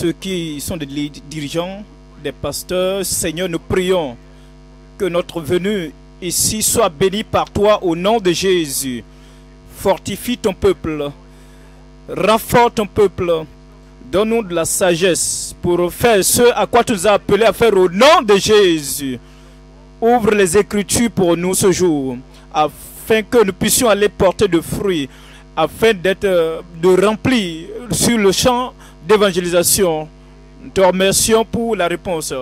ceux qui sont des dirigeants, des pasteurs. Seigneur, nous prions que notre venue ici soit bénie par toi au nom de Jésus. Fortifie ton peuple, renforce ton peuple, donne-nous de la sagesse pour faire ce à quoi tu nous as appelé à faire au nom de Jésus. Ouvre les Écritures pour nous ce jour, afin que nous puissions aller porter de fruits, afin d'être euh, de remplir sur le champ d'évangélisation. Nous te remercions pour la réponse.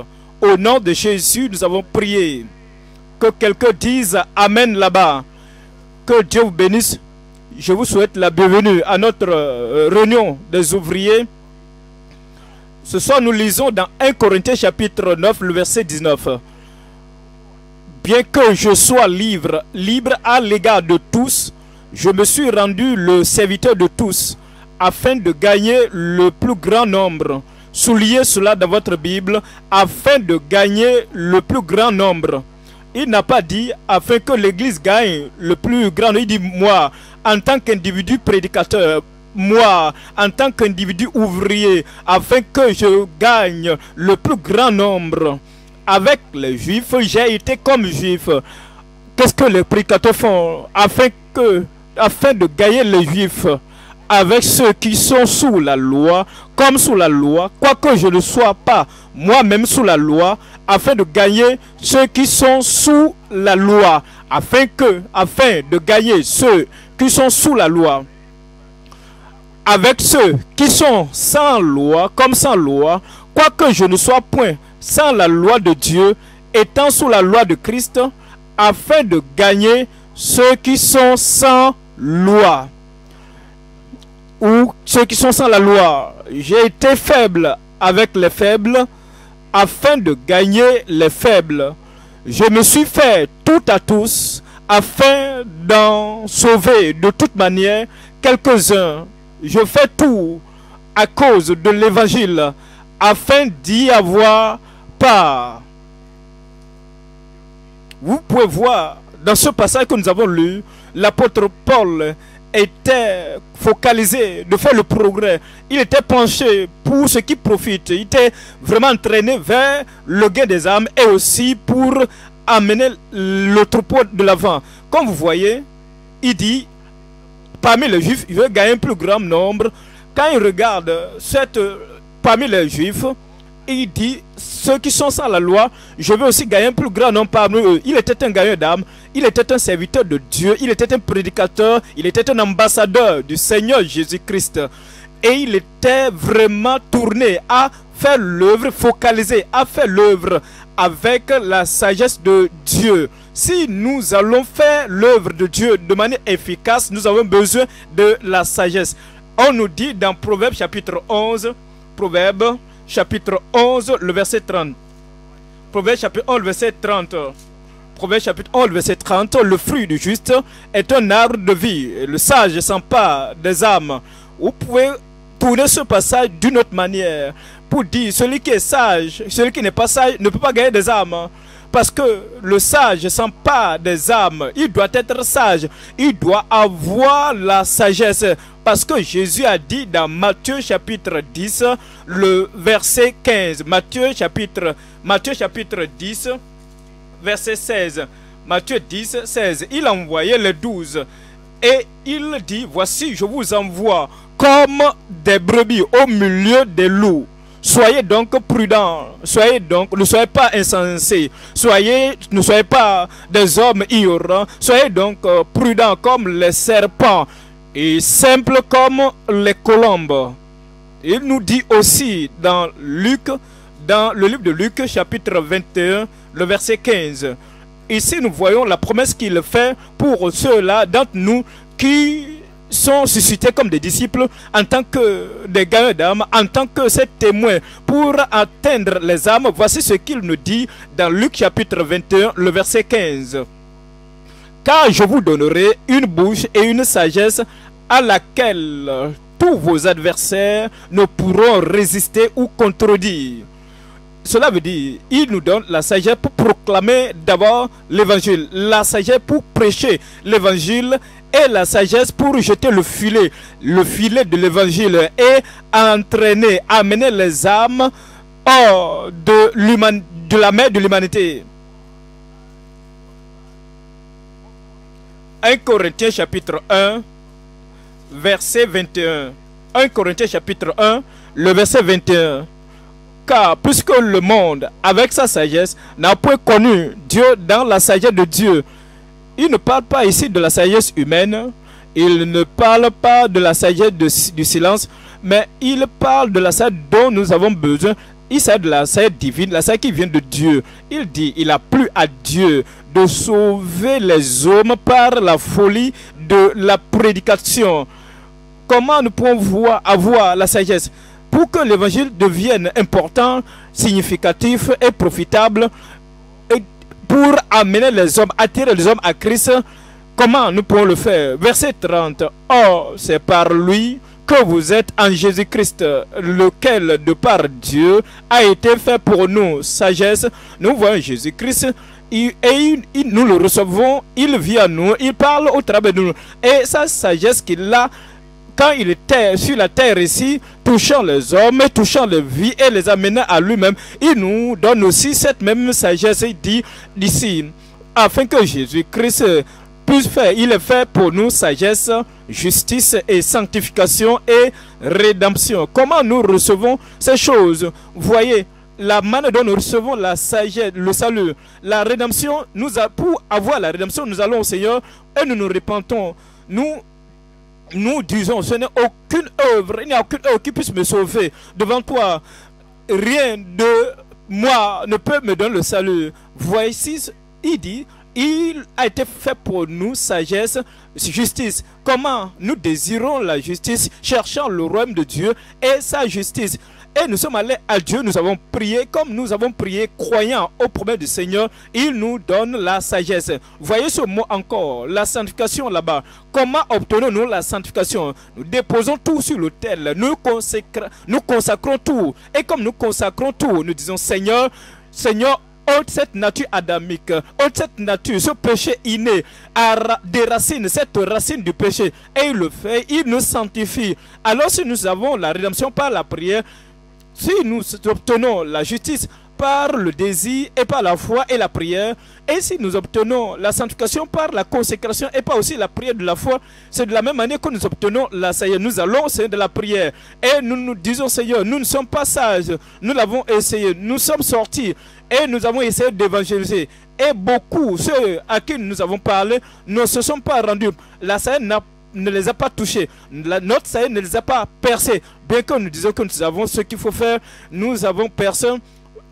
Au nom de Jésus, nous avons prié. Que quelqu'un dise Amen là-bas. Que Dieu vous bénisse. Je vous souhaite la bienvenue à notre euh, réunion des ouvriers. Ce soir, nous lisons dans 1 Corinthiens chapitre 9, le verset 19. Bien que je sois libre, libre à l'égard de tous, je me suis rendu le serviteur de tous afin de gagner le plus grand nombre. Souliez cela dans votre Bible, afin de gagner le plus grand nombre. Il n'a pas dit afin que l'Église gagne le plus grand. Il dit moi, en tant qu'individu prédicateur, moi, en tant qu'individu ouvrier, afin que je gagne le plus grand nombre. Avec les Juifs, j'ai été comme Juif. Qu'est-ce que les prédicateurs font afin, que, afin de gagner les Juifs avec ceux qui sont sous la loi, comme sous la loi, quoique je ne sois pas moi-même sous la loi, afin de gagner ceux qui sont sous la loi, afin que, afin de gagner ceux qui sont sous la loi, avec ceux qui sont sans loi, comme sans loi, quoique je ne sois point sans la loi de Dieu, étant sous la loi de Christ, afin de gagner ceux qui sont sans loi ou ceux qui sont sans la loi. J'ai été faible avec les faibles afin de gagner les faibles. Je me suis fait tout à tous afin d'en sauver de toute manière quelques-uns. Je fais tout à cause de l'évangile afin d'y avoir part. Vous pouvez voir dans ce passage que nous avons lu, l'apôtre Paul était focalisé de faire le progrès. Il était penché pour ce qui profite. Il était vraiment entraîné vers le gain des âmes et aussi pour amener le troupeau de l'avant. Comme vous voyez, il dit, parmi les juifs, il veut gagner un plus grand nombre. Quand il regarde cette, parmi les juifs, et il dit, ceux qui sont sans la loi, je veux aussi gagner un plus grand nom parmi eux. Il était un gagnant d'âme, il était un serviteur de Dieu, il était un prédicateur, il était un ambassadeur du Seigneur Jésus-Christ. Et il était vraiment tourné à faire l'œuvre, focalisé à faire l'œuvre avec la sagesse de Dieu. Si nous allons faire l'œuvre de Dieu de manière efficace, nous avons besoin de la sagesse. On nous dit dans Proverbe chapitre 11, Proverbe chapitre 11, le verset 30. Proverbe chapitre 11, verset 30. Proverbe chapitre 11, verset 30. Le fruit du juste est un arbre de vie. Le sage s'empare des âmes. Vous pouvez tourner ce passage d'une autre manière pour dire celui qui est sage, celui qui n'est pas sage ne peut pas gagner des âmes. Parce que le sage ne pas des âmes. Il doit être sage. Il doit avoir la sagesse. Parce que Jésus a dit dans Matthieu chapitre 10, le verset 15. Matthieu chapitre, Matthieu chapitre 10, verset 16. Matthieu 10, 16. Il envoyait les douze. Et il dit, voici, je vous envoie comme des brebis au milieu des loups. Soyez donc prudents, soyez donc, ne soyez pas insensés, soyez, ne soyez pas des hommes ignorants, soyez donc euh, prudents comme les serpents et simples comme les colombes. Il nous dit aussi dans Luc, dans le livre de Luc, chapitre 21, le verset 15. Ici, nous voyons la promesse qu'il fait pour ceux-là d'entre nous qui sont suscités comme des disciples, en tant que des gagnants d'âme, en tant que ces témoins pour atteindre les âmes. Voici ce qu'il nous dit dans Luc chapitre 21, le verset 15. Car je vous donnerai une bouche et une sagesse à laquelle tous vos adversaires ne pourront résister ou contredire. Cela veut dire, il nous donne la sagesse pour proclamer d'abord l'évangile, la sagesse pour prêcher l'évangile et la sagesse pour jeter le filet, le filet de l'évangile et entraîner, amener les âmes hors de, de la mer de l'humanité. 1 Corinthiens chapitre 1, verset 21. 1 Corinthiens chapitre 1, le verset 21. Car puisque le monde, avec sa sagesse, n'a point connu Dieu dans la sagesse de Dieu, il ne parle pas ici de la sagesse humaine, il ne parle pas de la sagesse du silence, mais il parle de la sagesse dont nous avons besoin. Il s'agit de la sagesse divine, la sagesse qui vient de Dieu. Il dit, il a plu à Dieu de sauver les hommes par la folie de la prédication. Comment nous pouvons avoir la sagesse pour que l'évangile devienne important, significatif et profitable, pour amener les hommes, attirer les hommes à Christ. Comment nous pouvons le faire Verset 30. Oh, c'est par lui que vous êtes en Jésus-Christ, lequel de par Dieu a été fait pour nous sagesse. Nous voyons Jésus-Christ et nous le recevons, il vient à nous, il parle au travers de nous. Et sa sagesse qu'il a, quand il était sur la terre ici, touchant les hommes, touchant les vies et les amenant à lui-même, il nous donne aussi cette même sagesse. Il dit d'ici, afin que Jésus-Christ puisse faire, il est fait pour nous sagesse, justice et sanctification et rédemption. Comment nous recevons ces choses Voyez, la manière dont nous recevons la sagesse, le salut, la rédemption, nous pour avoir la rédemption, nous allons au Seigneur et nous nous repentons. Nous nous disons, ce n'est aucune œuvre, il n'y a aucune œuvre qui puisse me sauver devant toi. Rien de moi ne peut me donner le salut. Voici, il dit, il a été fait pour nous sagesse, justice. Comment nous désirons la justice, cherchant le royaume de Dieu et sa justice nous sommes allés à Dieu, nous avons prié. Comme nous avons prié, croyant au promesses du Seigneur, il nous donne la sagesse. Voyez ce mot encore, la sanctification là-bas. Comment obtenons-nous la sanctification Nous déposons tout sur l'autel. Nous, consacrons tout. Et comme nous consacrons tout, nous disons Seigneur, Seigneur, ôte cette nature adamique, ôte cette nature, ce péché inné, des racines cette racine du péché. Et il le fait, il nous sanctifie. Alors si nous avons la rédemption par la prière, si nous obtenons la justice par le désir et par la foi et la prière, et si nous obtenons la sanctification par la consécration et pas aussi la prière de la foi, c'est de la même manière que nous obtenons la Seigneur. Nous allons, Seigneur, de la prière. Et nous nous disons, Seigneur, nous ne sommes pas sages. Nous l'avons essayé. Nous sommes sortis et nous avons essayé d'évangéliser. Et beaucoup, ceux à qui nous avons parlé, ne se sont pas rendus. La saïe ne les a pas touchés. notre saïe ne les a pas percés. Bien que nous disons que nous avons ce qu'il faut faire, nous avons personne.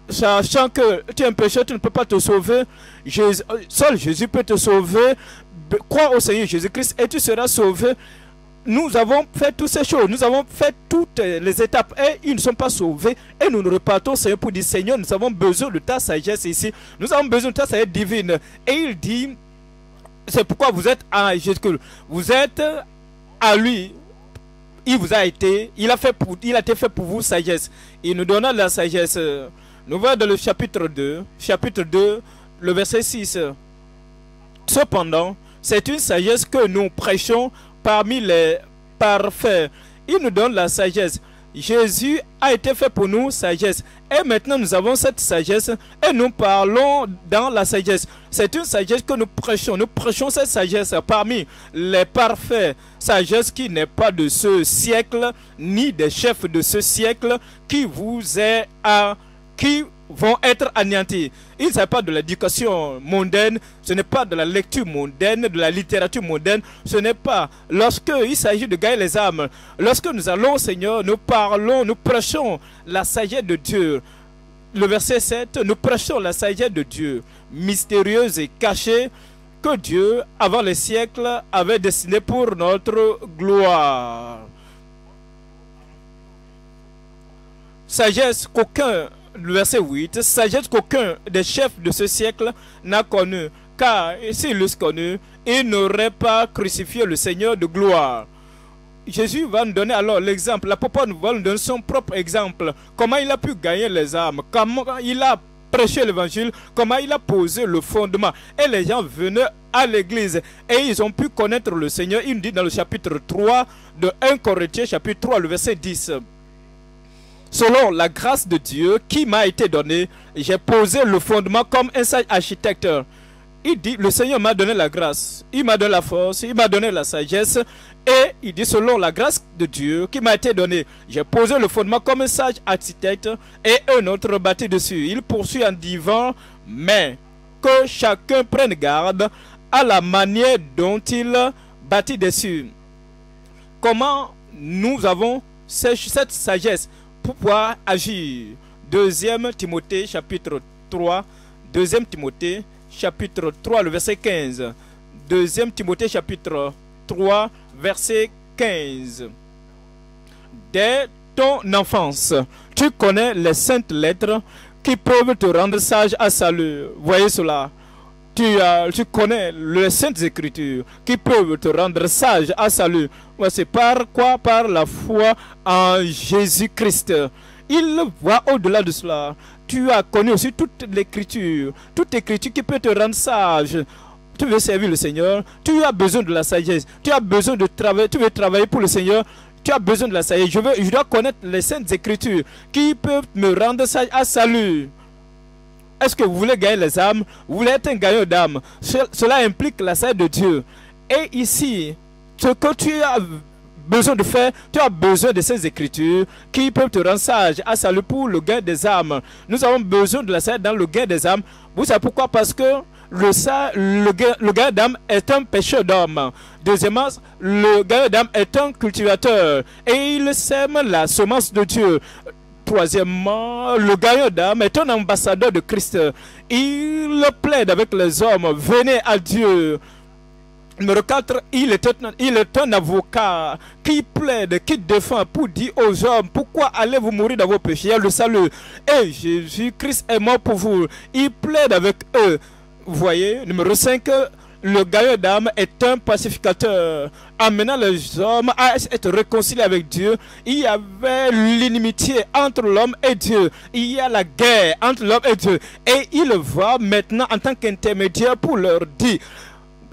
Sachant que tu es un pécheur, tu ne peux pas te sauver. Jésus, euh, seul Jésus peut te sauver. Crois au Seigneur Jésus-Christ et tu seras sauvé. Nous avons fait toutes ces choses. Nous avons fait toutes euh, les étapes et ils ne sont pas sauvés. Et nous nous repartons Seigneur pour dire Seigneur, nous avons besoin de ta sagesse ici. Nous avons besoin de ta sagesse divine. Et il dit c'est pourquoi vous êtes à Jésus. christ Vous êtes euh, à lui il vous a été, il a fait pour, il a été fait pour vous sagesse. Il nous donna la sagesse. Nous voyons dans le chapitre 2, chapitre 2, le verset 6. Cependant, c'est une sagesse que nous prêchons parmi les parfaits. Il nous donne la sagesse. Jésus a été fait pour nous sagesse. Et maintenant, nous avons cette sagesse et nous parlons dans la sagesse. C'est une sagesse que nous prêchons. Nous prêchons cette sagesse parmi les parfaits. Sagesse qui n'est pas de ce siècle, ni des chefs de ce siècle, qui vous est à, qui vont être anéantis. Il ne s'agit pas de l'éducation mondaine, ce n'est pas de la lecture mondaine, de la littérature mondaine, ce n'est pas. Lorsqu'il s'agit de gagner les âmes, lorsque nous allons, Seigneur, nous parlons, nous prêchons la sagesse de Dieu. Le verset 7, nous prêchons la sagesse de Dieu, mystérieuse et cachée, que Dieu, avant les siècles, avait destinée pour notre gloire. Sagesse qu'aucun le verset 8, sagesse qu'aucun des chefs de ce siècle n'a connu, car s'ils l'eussent connu, ils n'auraient pas crucifié le Seigneur de gloire. Jésus va nous donner alors l'exemple, la va nous donner son propre exemple, comment il a pu gagner les âmes, comment il a prêché l'évangile, comment il a posé le fondement. Et les gens venaient à l'église et ils ont pu connaître le Seigneur. Il nous dit dans le chapitre 3 de 1 Corinthiens, chapitre 3, le verset 10. Selon la grâce de Dieu qui m'a été donnée, j'ai posé le fondement comme un sage architecte. Il dit, le Seigneur m'a donné la grâce, il m'a donné la force, il m'a donné la sagesse. Et il dit, selon la grâce de Dieu qui m'a été donnée, j'ai posé le fondement comme un sage architecte et un autre bâti dessus. Il poursuit en disant, mais que chacun prenne garde à la manière dont il bâtit dessus. Comment nous avons cette sagesse pouvoir agir. Deuxième Timothée chapitre 3, deuxième Timothée chapitre 3, le verset 15. Deuxième Timothée chapitre 3, verset 15. Dès ton enfance, tu connais les saintes lettres qui peuvent te rendre sage à salut. Voyez cela tu, tu connais les saintes écritures qui peuvent te rendre sage à salut. C'est par quoi Par la foi en Jésus-Christ. Il voit au-delà de cela. Tu as connu aussi toute l'écriture, toute écriture qui peut te rendre sage. Tu veux servir le Seigneur, tu as besoin de la sagesse, tu as besoin de travailler, tu veux travailler pour le Seigneur, tu as besoin de la sagesse. Je, veux, je dois connaître les saintes écritures qui peuvent me rendre sage à salut. Est-ce que vous voulez gagner les âmes Vous voulez être un gagnant d'âmes Cela implique la salle de Dieu. Et ici, ce que tu as besoin de faire, tu as besoin de ces écritures qui peuvent te rendre sage à ah, salut pour le gain des âmes. Nous avons besoin de la salle dans le gain des âmes. Vous savez pourquoi Parce que le, le, le d'âme est un pécheur d'homme. Deuxièmement, le gain d'âme est un cultivateur et il sème la semence de Dieu. Troisièmement, le gagnant d'âme est un ambassadeur de Christ. Il plaide avec les hommes. Venez à Dieu. Numéro 4, il est, un, il est un avocat qui plaide, qui défend pour dire aux hommes pourquoi allez-vous mourir dans vos péchés. Il y a le salut. Et Jésus-Christ est mort pour vous. Il plaide avec eux. Vous voyez, numéro 5, le gaillard d'âme est un pacificateur, amenant les hommes à être réconciliés avec Dieu. Il y avait l'inimitié entre l'homme et Dieu. Il y a la guerre entre l'homme et Dieu. Et il va maintenant en tant qu'intermédiaire pour leur dire.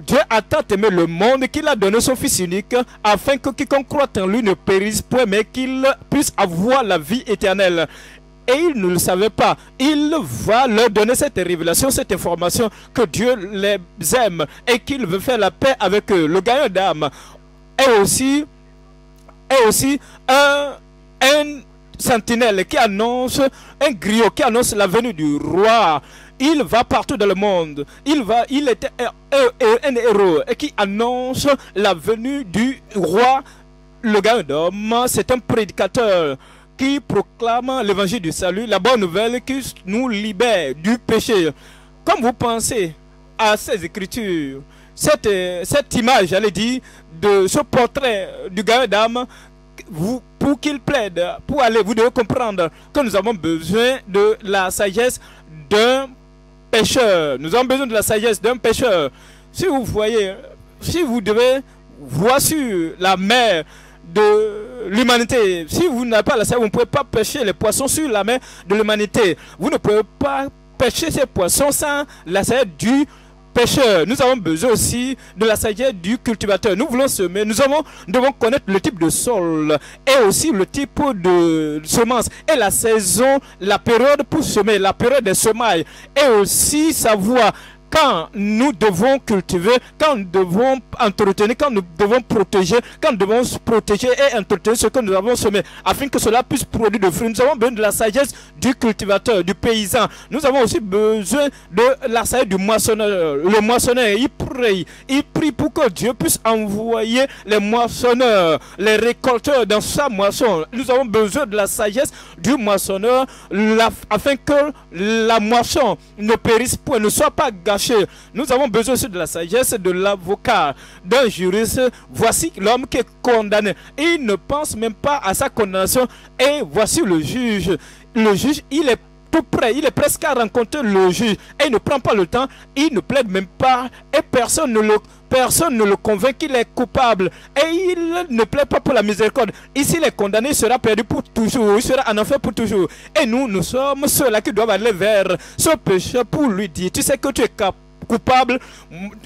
Dieu a tant aimé le monde qu'il a donné son Fils unique afin que quiconque croit en lui ne périsse point mais qu'il puisse avoir la vie éternelle et ils ne le savaient pas. Il va leur donner cette révélation, cette information que Dieu les aime et qu'il veut faire la paix avec eux. Le gagnant d'âme est aussi, est aussi un, un sentinelle qui annonce, un griot qui annonce la venue du roi. Il va partout dans le monde. Il, va, il est un, héros qui annonce la venue du roi. Le gagnant d'âme, c'est un prédicateur qui proclame l'évangile du salut, la bonne nouvelle qui nous libère du péché. Comme vous pensez à ces écritures, cette, cette image, j'allais dire, de ce portrait du gars d'âme, vous, pour qu'il plaide, pour aller, vous devez comprendre que nous avons besoin de la sagesse d'un pêcheur. Nous avons besoin de la sagesse d'un pêcheur. Si vous voyez, si vous devez voir sur la mer, de l'humanité. Si vous n'avez pas la sève, vous ne pouvez pas pêcher les poissons sur la main de l'humanité. Vous ne pouvez pas pêcher ces poissons sans la sève du pêcheur. Nous avons besoin aussi de la sagesse du cultivateur. Nous voulons semer, nous avons, devons connaître le type de sol et aussi le type de semence et la saison, la période pour semer, la période des semailles et aussi savoir quand nous devons cultiver, quand nous devons entretenir, quand nous devons protéger, quand nous devons protéger et entretenir ce que nous avons semé, afin que cela puisse produire de fruits. Nous avons besoin de la sagesse du cultivateur, du paysan. Nous avons aussi besoin de la sagesse du moissonneur. Le moissonneur, il prie, il prie pour que Dieu puisse envoyer les moissonneurs, les récolteurs dans sa moisson. Nous avons besoin de la sagesse du moissonneur afin que la moisson ne périsse point, ne soit pas gâchée nous avons besoin de la sagesse de l'avocat, d'un juriste. Voici l'homme qui est condamné. Il ne pense même pas à sa condamnation. Et voici le juge. Le juge, il est tout près, il est presque à rencontrer le juge et il ne prend pas le temps, il ne plaide même pas et personne ne le personne ne le convainc qu'il est coupable et il ne plaît pas pour la miséricorde. Ici, les condamnés sera perdu pour toujours, il sera en enfer pour toujours. Et nous, nous sommes ceux-là qui doivent aller vers ce pécheur pour lui dire, tu sais que tu es coupable.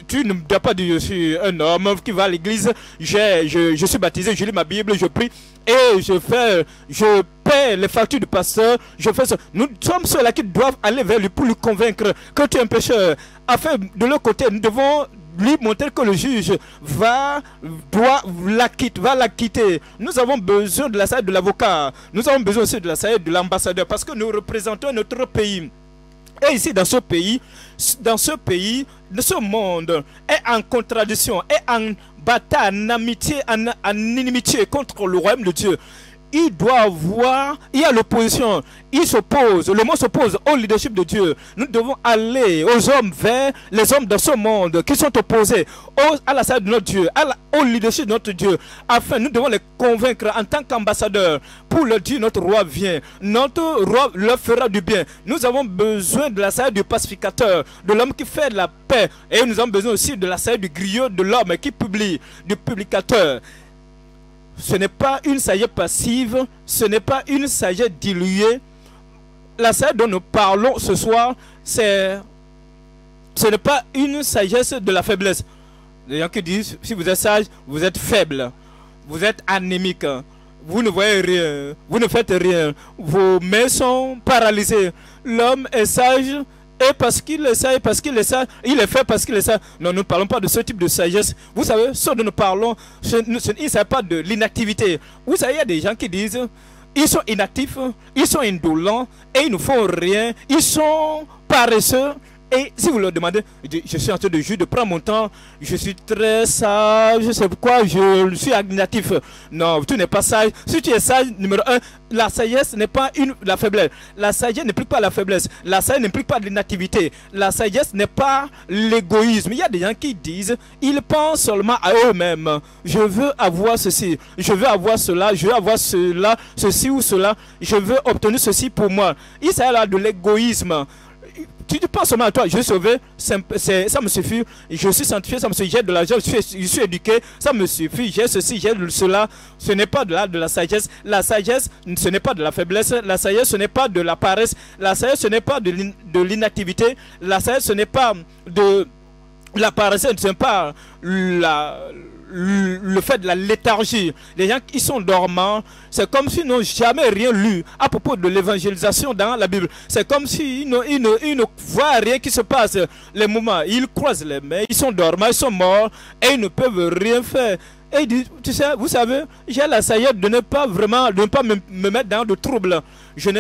Tu ne dois pas dire je suis un homme qui va à l'église. Je, je, suis baptisé, je lis ma Bible, je prie et je fais, je paie les factures du pasteur. Je fais ça. Nous sommes ceux-là qui doivent aller vers lui pour lui convaincre que tu es un pécheur. Afin de l'autre côté, nous devons lui montrer que le juge va, doit, l'acquitter, va quitter Nous avons besoin de la salle de l'avocat. Nous avons besoin aussi de la salle de l'ambassadeur parce que nous représentons notre pays. Et ici, dans ce pays, dans ce pays, de ce monde, est en contradiction, est en bataille, en amitié, en inimitié contre le royaume de Dieu il doit voir il y a l'opposition, il s'oppose, le monde s'oppose au leadership de Dieu. Nous devons aller aux hommes vers les hommes de ce monde qui sont opposés à la salle de notre Dieu, à au leadership de notre Dieu, afin nous devons les convaincre en tant qu'ambassadeurs pour le dire notre roi vient, notre roi leur fera du bien. Nous avons besoin de la salle du pacificateur, de l'homme qui fait de la paix, et nous avons besoin aussi de la salle du griot, de l'homme qui publie, du publicateur. Ce n'est pas une sagesse passive, ce n'est pas une sagesse diluée. La sagesse dont nous parlons ce soir, c'est ce n'est pas une sagesse de la faiblesse. Les gens qui disent, si vous êtes sage, vous êtes faible, vous êtes anémique, vous ne voyez rien, vous ne faites rien, vos mains sont paralysées. L'homme est sage, et parce qu'il le sait, parce qu'il le sait, il le fait parce qu'il le sait. Non, nous ne parlons pas de ce type de sagesse. Vous savez, ce dont nous parlons, ce, il ne s'agit pas de l'inactivité. Vous savez, il y a des gens qui disent, ils sont inactifs, ils sont indolents et ils ne font rien, ils sont paresseux, et si vous leur demandez, je suis en train de jouer, de prendre mon temps, je suis très sage, je sais pourquoi, je suis agnatif. Non, tu n'es pas sage. Si tu es sage, numéro un, la sagesse n'est pas une, la faiblesse. La sagesse n'implique pas la faiblesse. La sagesse n'implique pas l'inactivité. La sagesse n'est pas l'égoïsme. Il y a des gens qui disent, ils pensent seulement à eux-mêmes. Je veux avoir ceci, je veux avoir cela, je veux avoir cela, ceci ou cela. Je veux obtenir ceci pour moi. Il s'agit là de l'égoïsme. Tu ne pas seulement à toi, je suis sauvé, ça me suffit, je suis sanctifié, ça me suffit, j'ai de l'argent, je suis, je suis éduqué, ça me suffit, j'ai ceci, j'ai cela. Ce n'est pas de la, de la sagesse. La sagesse, ce n'est pas de la faiblesse. La sagesse, ce n'est pas de la paresse. La sagesse, ce n'est pas de l'inactivité. La sagesse, ce n'est pas de la paresse, ce n'est pas la, le fait de la léthargie. Les gens qui sont dormants, c'est comme s'ils n'ont jamais rien lu à propos de l'évangélisation dans la Bible. C'est comme s'ils ne, ne, voient rien qui se passe. Les moments, ils croisent les mains, ils sont dormants, ils sont morts et ils ne peuvent rien faire. Et ils disent, tu sais, vous savez, j'ai la saillette de ne pas vraiment, de ne pas me, me mettre dans de troubles. Je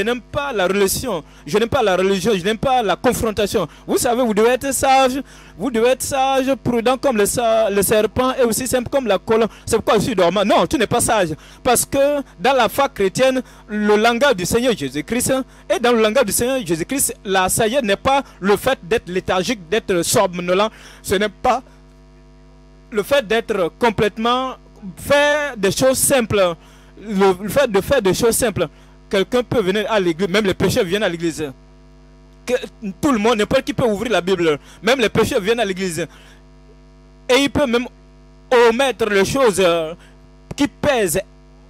n'aime pas la relation Je n'aime pas la religion. Je n'aime pas la confrontation. Vous savez, vous devez être sage. Vous devez être sage, prudent comme le, serpent et aussi simple comme la colonne. C'est pourquoi je suis dormant. Non, tu n'es pas sage. Parce que dans la foi chrétienne, le langage du Seigneur Jésus-Christ et dans le langage du Seigneur Jésus-Christ, la saillie n'est pas le fait d'être léthargique, d'être somnolent. Ce n'est pas le fait d'être complètement fait des choses simples, le fait de faire des choses simples. Quelqu'un peut venir à l'église, même les pécheurs viennent à l'église. Tout le monde, n'importe qui peut ouvrir la Bible. Même les pécheurs viennent à l'église. Et il peut même omettre les choses euh, qui pèsent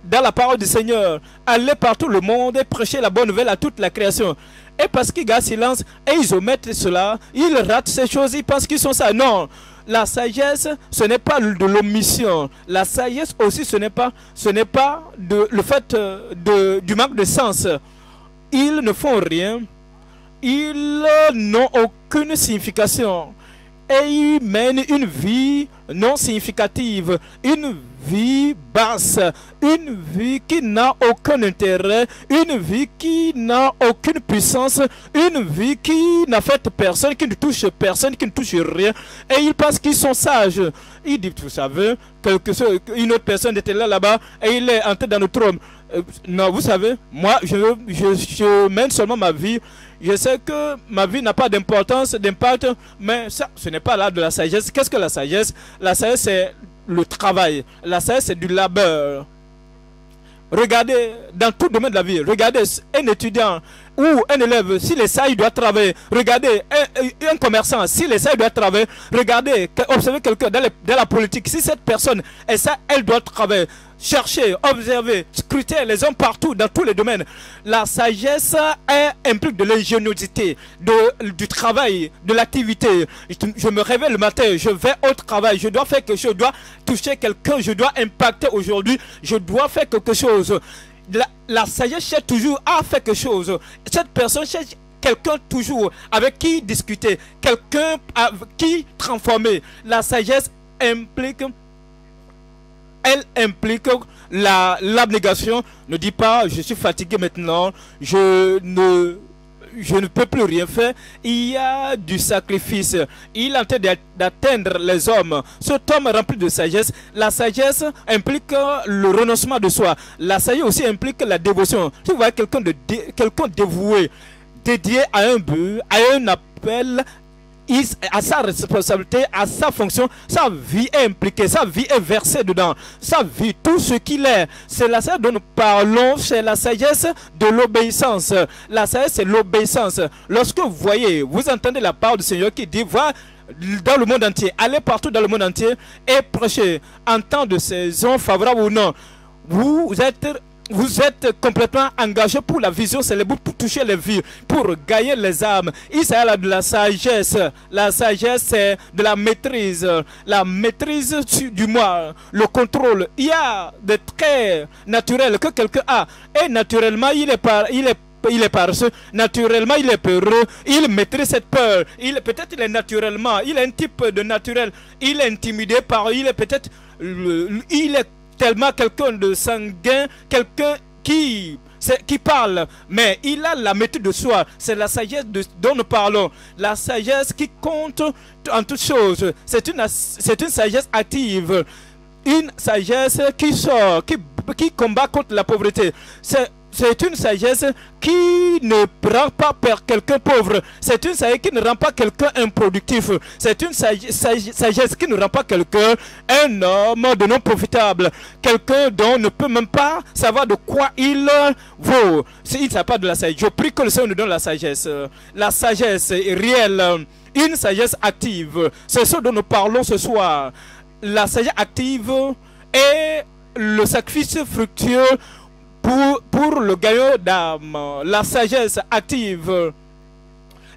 dans la parole du Seigneur. Aller partout le monde et prêcher la bonne nouvelle à toute la création. Et parce qu'ils gardent silence et ils omettent cela, ils ratent ces choses, ils pensent qu'ils sont ça. Non, la sagesse, ce n'est pas de l'omission. La sagesse aussi, ce n'est pas, ce n'est pas de, le fait euh, de, du manque de sens. Ils ne font rien. Ils n'ont aucune signification. Et ils mènent une vie non significative. Une vie basse, une vie qui n'a aucun intérêt, une vie qui n'a aucune puissance, une vie qui n'affecte personne, qui ne touche personne, qui ne touche rien. Et ils pensent qu'ils sont sages. Ils disent, vous savez, que, une autre personne était là, là-bas, et il est entré dans le trône. Euh, non, vous savez, moi, je, je, mène seulement ma vie. Je sais que ma vie n'a pas d'importance, d'impact, mais ça, ce n'est pas là de la sagesse. Qu'est-ce que la sagesse La sagesse, c'est le travail. La c'est du labeur. Regardez, dans tout domaine de la vie, regardez un étudiant ou un élève, s'il essaie, il doit travailler. Regardez, un, commerçant, s'il essaie, il doit travailler. Regardez, observez quelqu'un dans, dans, la politique, si cette personne essaie, elle doit travailler chercher, observer, scruter les hommes partout, dans tous les domaines. La sagesse implique de l'ingéniosité, du travail, de l'activité. Je, me réveille le matin, je vais au travail, je dois faire quelque chose, je dois toucher quelqu'un, je dois impacter aujourd'hui, je dois faire quelque chose. La, la sagesse cherche toujours à faire quelque chose. Cette personne cherche quelqu'un toujours avec qui discuter, quelqu'un qui transformer. La sagesse implique elle implique l'abnégation. ne dit pas, je suis fatigué maintenant, je ne je ne peux plus rien faire. Il y a du sacrifice. Il en d'atteindre les hommes. ce homme rempli de sagesse. La sagesse implique le renoncement de soi. La sagesse aussi implique la dévotion. Tu vois quelqu'un de quelqu'un dévoué, dédié à un but, à un appel, à sa responsabilité, à sa fonction, sa vie est impliquée, sa vie est versée dedans, sa vie, tout ce qu'il est. C'est la sagesse dont nous parlons, c'est la sagesse de l'obéissance. La sagesse, c'est l'obéissance. Lorsque vous voyez, vous entendez la parole du Seigneur qui dit, va dans le monde entier, allez partout dans le monde entier et prêchez en temps de saison favorable ou non. Vous êtes vous êtes complètement engagé pour la vision, c'est le but pour toucher les vies, pour gagner les âmes. Il s'agit de la sagesse. La sagesse, c'est de la maîtrise. La maîtrise du moi, le contrôle. Il y a des traits naturels que quelqu'un a. Et naturellement, il est, par, il est il est paresseux, naturellement il est peureux, il maîtrise cette peur, il peut-être il est naturellement, il est un type de naturel, il est intimidé par, il est peut-être, il est tellement quelqu'un de sanguin, quelqu'un qui qui parle, mais il a la méthode de soi. C'est la sagesse dont nous parlons. La sagesse qui compte en toutes choses. C'est une, une sagesse active. Une sagesse qui sort, qui, qui combat contre la pauvreté. C'est c'est une sagesse qui ne prend pas quelqu'un pauvre. C'est une sagesse qui ne rend pas quelqu'un improductif. C'est une sagesse qui ne rend pas quelqu'un un homme de non profitable. Quelqu'un dont ne peut même pas savoir de quoi il vaut. S'il ne pas de la sagesse. Je prie que le Seigneur nous donne la sagesse. La sagesse est réelle. Une sagesse active. C'est ce dont nous parlons ce soir. La sagesse active est le sacrifice fructueux pour, le gaillot d'âme, la sagesse active,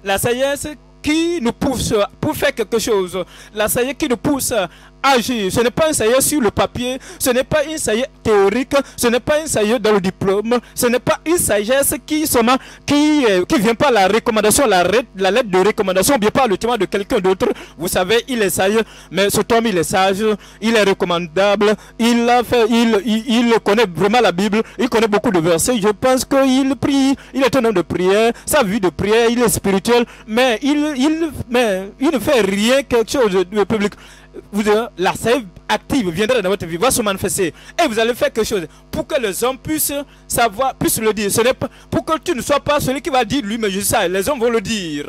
la sagesse qui nous pousse pour faire quelque chose, la sagesse qui nous pousse agir. Ce n'est pas un saillot sur le papier, ce n'est pas un saillot théorique, ce n'est pas un saillot dans le diplôme, ce n'est pas une sagesse qui seulement qui, euh, qui vient par la recommandation, la, lettre de recommandation, bien par le témoin de quelqu'un d'autre. Vous savez, il est sage, mais ce homme, il est sage, il est recommandable, il, a fait, il, il, connaît vraiment la Bible, il connaît beaucoup de versets. Je pense qu'il prie, il est un homme de prière, sa vie de prière, il est spirituel, mais il, mais il ne fait rien quelque chose de public vous, la sève active viendra dans votre vie, va se manifester. Et vous allez faire quelque chose pour que les hommes puissent savoir, puissent le dire. Ce n'est pas pour que tu ne sois pas celui qui va dire lui, mais je sais, les hommes vont le dire.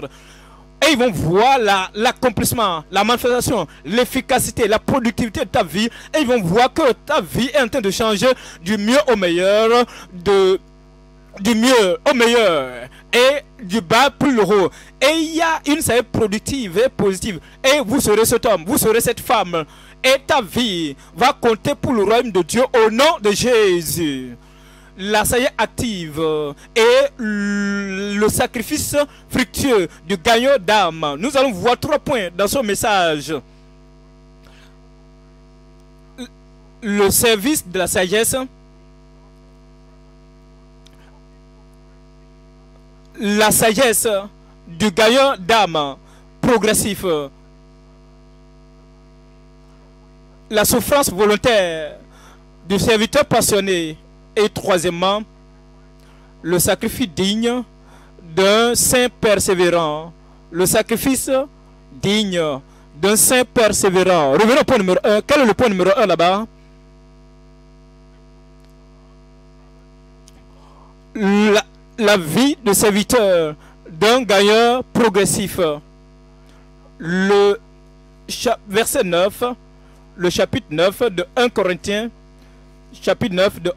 Et ils vont voir l'accomplissement, la, manifestation, l'efficacité, la productivité de ta vie. Et ils vont voir que ta vie est en train de changer du mieux au meilleur, de, du mieux au meilleur et du bas plus le haut. Et il y a une série productive et positive. Et vous serez cet homme, vous serez cette femme. Et ta vie va compter pour le royaume de Dieu au nom de Jésus. La saillie active et le sacrifice fructueux du gagnant d'âme. Nous allons voir trois points dans ce message. Le service de la sagesse, la sagesse du gaillard d'âme progressif. La souffrance volontaire du serviteur passionné. Et troisièmement, le sacrifice digne d'un saint persévérant. Le sacrifice digne d'un saint persévérant. Revenons au point numéro 1. Quel est le point numéro 1 là-bas la, la vie de serviteur d'un gagneur progressif. Le verset 9, le chapitre 9 de 1 Corinthiens, chapitre 9 de,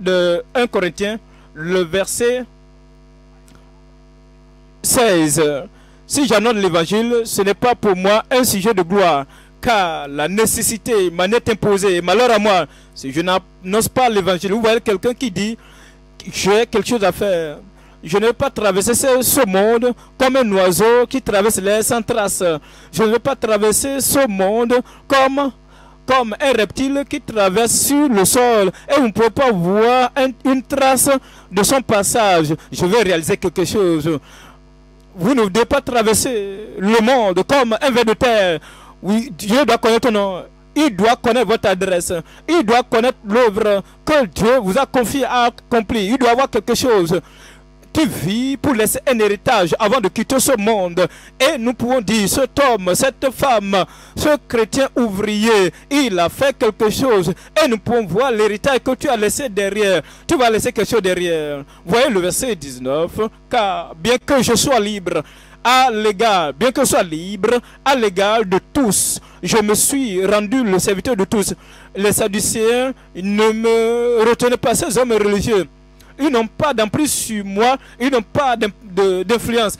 de 1 Corinthiens, le verset 16. Si j'annonce l'évangile, ce n'est pas pour moi un sujet de gloire, car la nécessité m'en est imposée. Malheur à moi, si je n'annonce pas l'évangile, vous voyez quelqu'un qui dit j'ai quelque chose à faire. Je ne vais pas traverser ce monde comme un oiseau qui traverse l'air sans trace. Je ne veux pas traverser ce monde comme, comme un reptile qui traverse sur le sol et on ne peut pas voir une trace de son passage. Je vais réaliser quelque chose. Vous ne devez pas traverser le monde comme un ver de terre. Oui, Dieu doit connaître ton nom. Il doit connaître votre adresse. Il doit connaître l'œuvre que Dieu vous a confiée à accomplir. Il doit avoir quelque chose qui vis pour laisser un héritage avant de quitter ce monde. Et nous pouvons dire, cet homme, cette femme, ce chrétien ouvrier, il a fait quelque chose. Et nous pouvons voir l'héritage que tu as laissé derrière. Tu vas laisser quelque chose derrière. Voyez le verset 19. Car bien que je sois libre, à l'égard, bien que soit libre, à l'égard de tous. Je me suis rendu le serviteur de tous. Les Sadducéens ne me retenaient pas, ces hommes religieux. Ils n'ont pas d'emprise sur moi, ils n'ont pas d'influence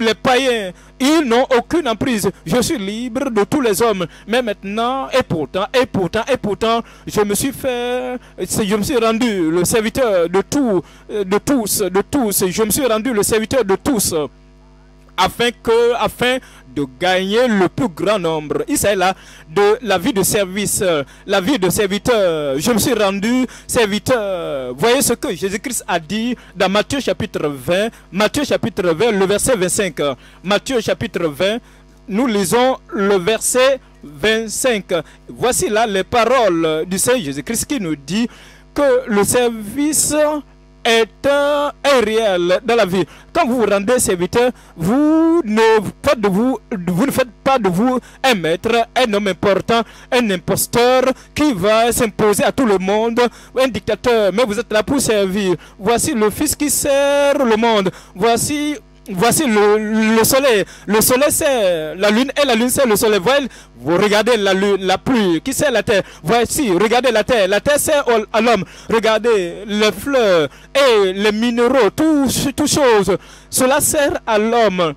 les païens, ils n'ont aucune emprise. Je suis libre de tous les hommes. Mais maintenant, et pourtant, et pourtant, et pourtant, je me suis fait, je me suis rendu le serviteur de tous, de tous, de tous. Je me suis rendu le serviteur de tous afin que afin de gagner le plus grand nombre. Il s'agit là de la vie de service, euh, la vie de serviteur. Je me suis rendu serviteur. Voyez ce que Jésus-Christ a dit dans Matthieu chapitre 20, Matthieu chapitre 20, le verset 25. Matthieu chapitre 20, nous lisons le verset 25. Voici là les paroles du Seigneur Jésus-Christ qui nous dit que le service est, un, réel dans la vie. Quand vous vous rendez serviteur, vous ne, faites de vous, vous ne faites pas de vous un maître, un homme important, un imposteur qui va s'imposer à tout le monde, un dictateur, mais vous êtes là pour servir. Voici le Fils qui sert le monde. Voici Voici le, soleil. Le soleil c'est la lune et la lune c'est le soleil. vous regardez la, la pluie qui c'est la terre. Voici, regardez la terre. La terre c'est à l'homme. Regardez les fleurs et les minéraux, tout, toutes choses. Cela sert à l'homme.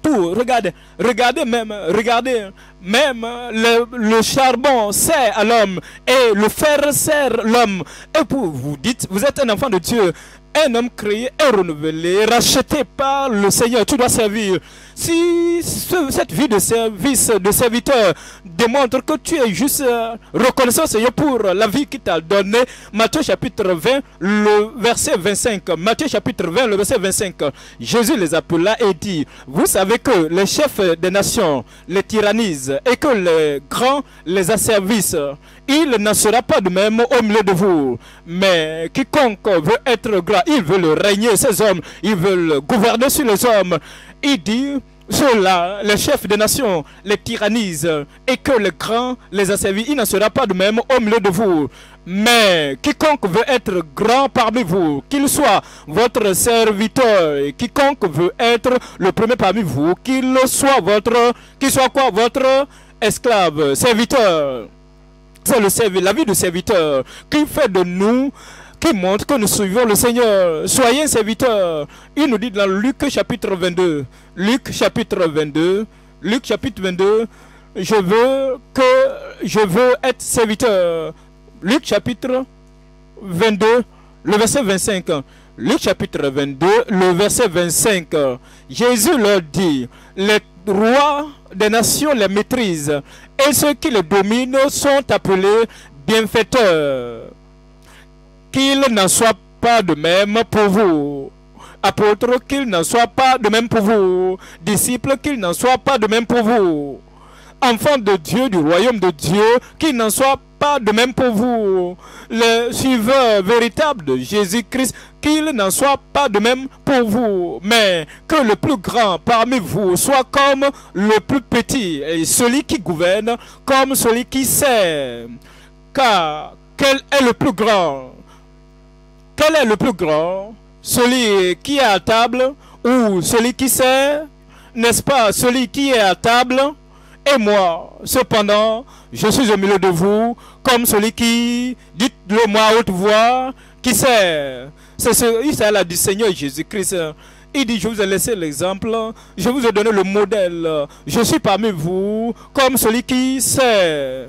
Tout, regardez, regardez même, regardez même le, charbon sert à l'homme et le fer sert l'homme. Et pour vous dites, vous êtes un enfant de Dieu un homme créé et renouvelé, racheté par le Seigneur. Tu dois servir si cette vie de service, de serviteur démontre que tu es juste euh, reconnaissant Seigneur pour la vie qu'il t'a donnée, Matthieu chapitre 20, le verset 25. Matthieu chapitre 20, le verset 25. Jésus les appela et dit, vous savez que les chefs des nations les tyrannisent et que les grands les asservissent. Il n'en sera pas de même au milieu de vous. Mais quiconque veut être grand, il veut régner, ces hommes, ils veulent gouverner sur les hommes. Il dit, ceux-là, les chefs des nations, les tyrannisent, et que le grand les asservit. Il ne sera pas de même au milieu de vous. Mais quiconque veut être grand parmi vous, qu'il soit votre serviteur, et quiconque veut être le premier parmi vous, qu'il soit votre, soit quoi, votre esclave, serviteur. C'est le la vie du serviteur qui fait de nous qui montre que nous suivons le Seigneur. Soyez serviteur. Il nous dit dans Luc chapitre 22. Luc chapitre 22. Luc chapitre 22. Je veux que je veux être serviteur. Luc chapitre 22, le verset 25. Luc chapitre 22, le verset 25. Jésus leur dit, les rois des nations les maîtrisent et ceux qui les dominent sont appelés bienfaiteurs qu'il n'en soit pas de même pour vous. Apôtres, qu'il n'en soit pas de même pour vous. Disciples, qu'il n'en soit pas de même pour vous. Enfants de Dieu, du royaume de Dieu, qu'il n'en soit pas de même pour vous. Le Suiveur Véritable de Jésus-Christ, qu'il n'en soit pas de même pour vous. Mais que le plus grand parmi vous soit comme le plus petit, et celui qui gouverne comme celui qui sert. Car quel est le plus grand quel est le plus grand Celui qui est à table ou celui qui sert N'est-ce pas celui qui est à table et moi Cependant, je suis au milieu de vous comme celui qui, dites-le moi à haute voix, qui sert. C'est ce là du Seigneur Jésus-Christ. Il dit, je vous ai laissé l'exemple, je vous ai donné le modèle. Je suis parmi vous comme celui qui sert.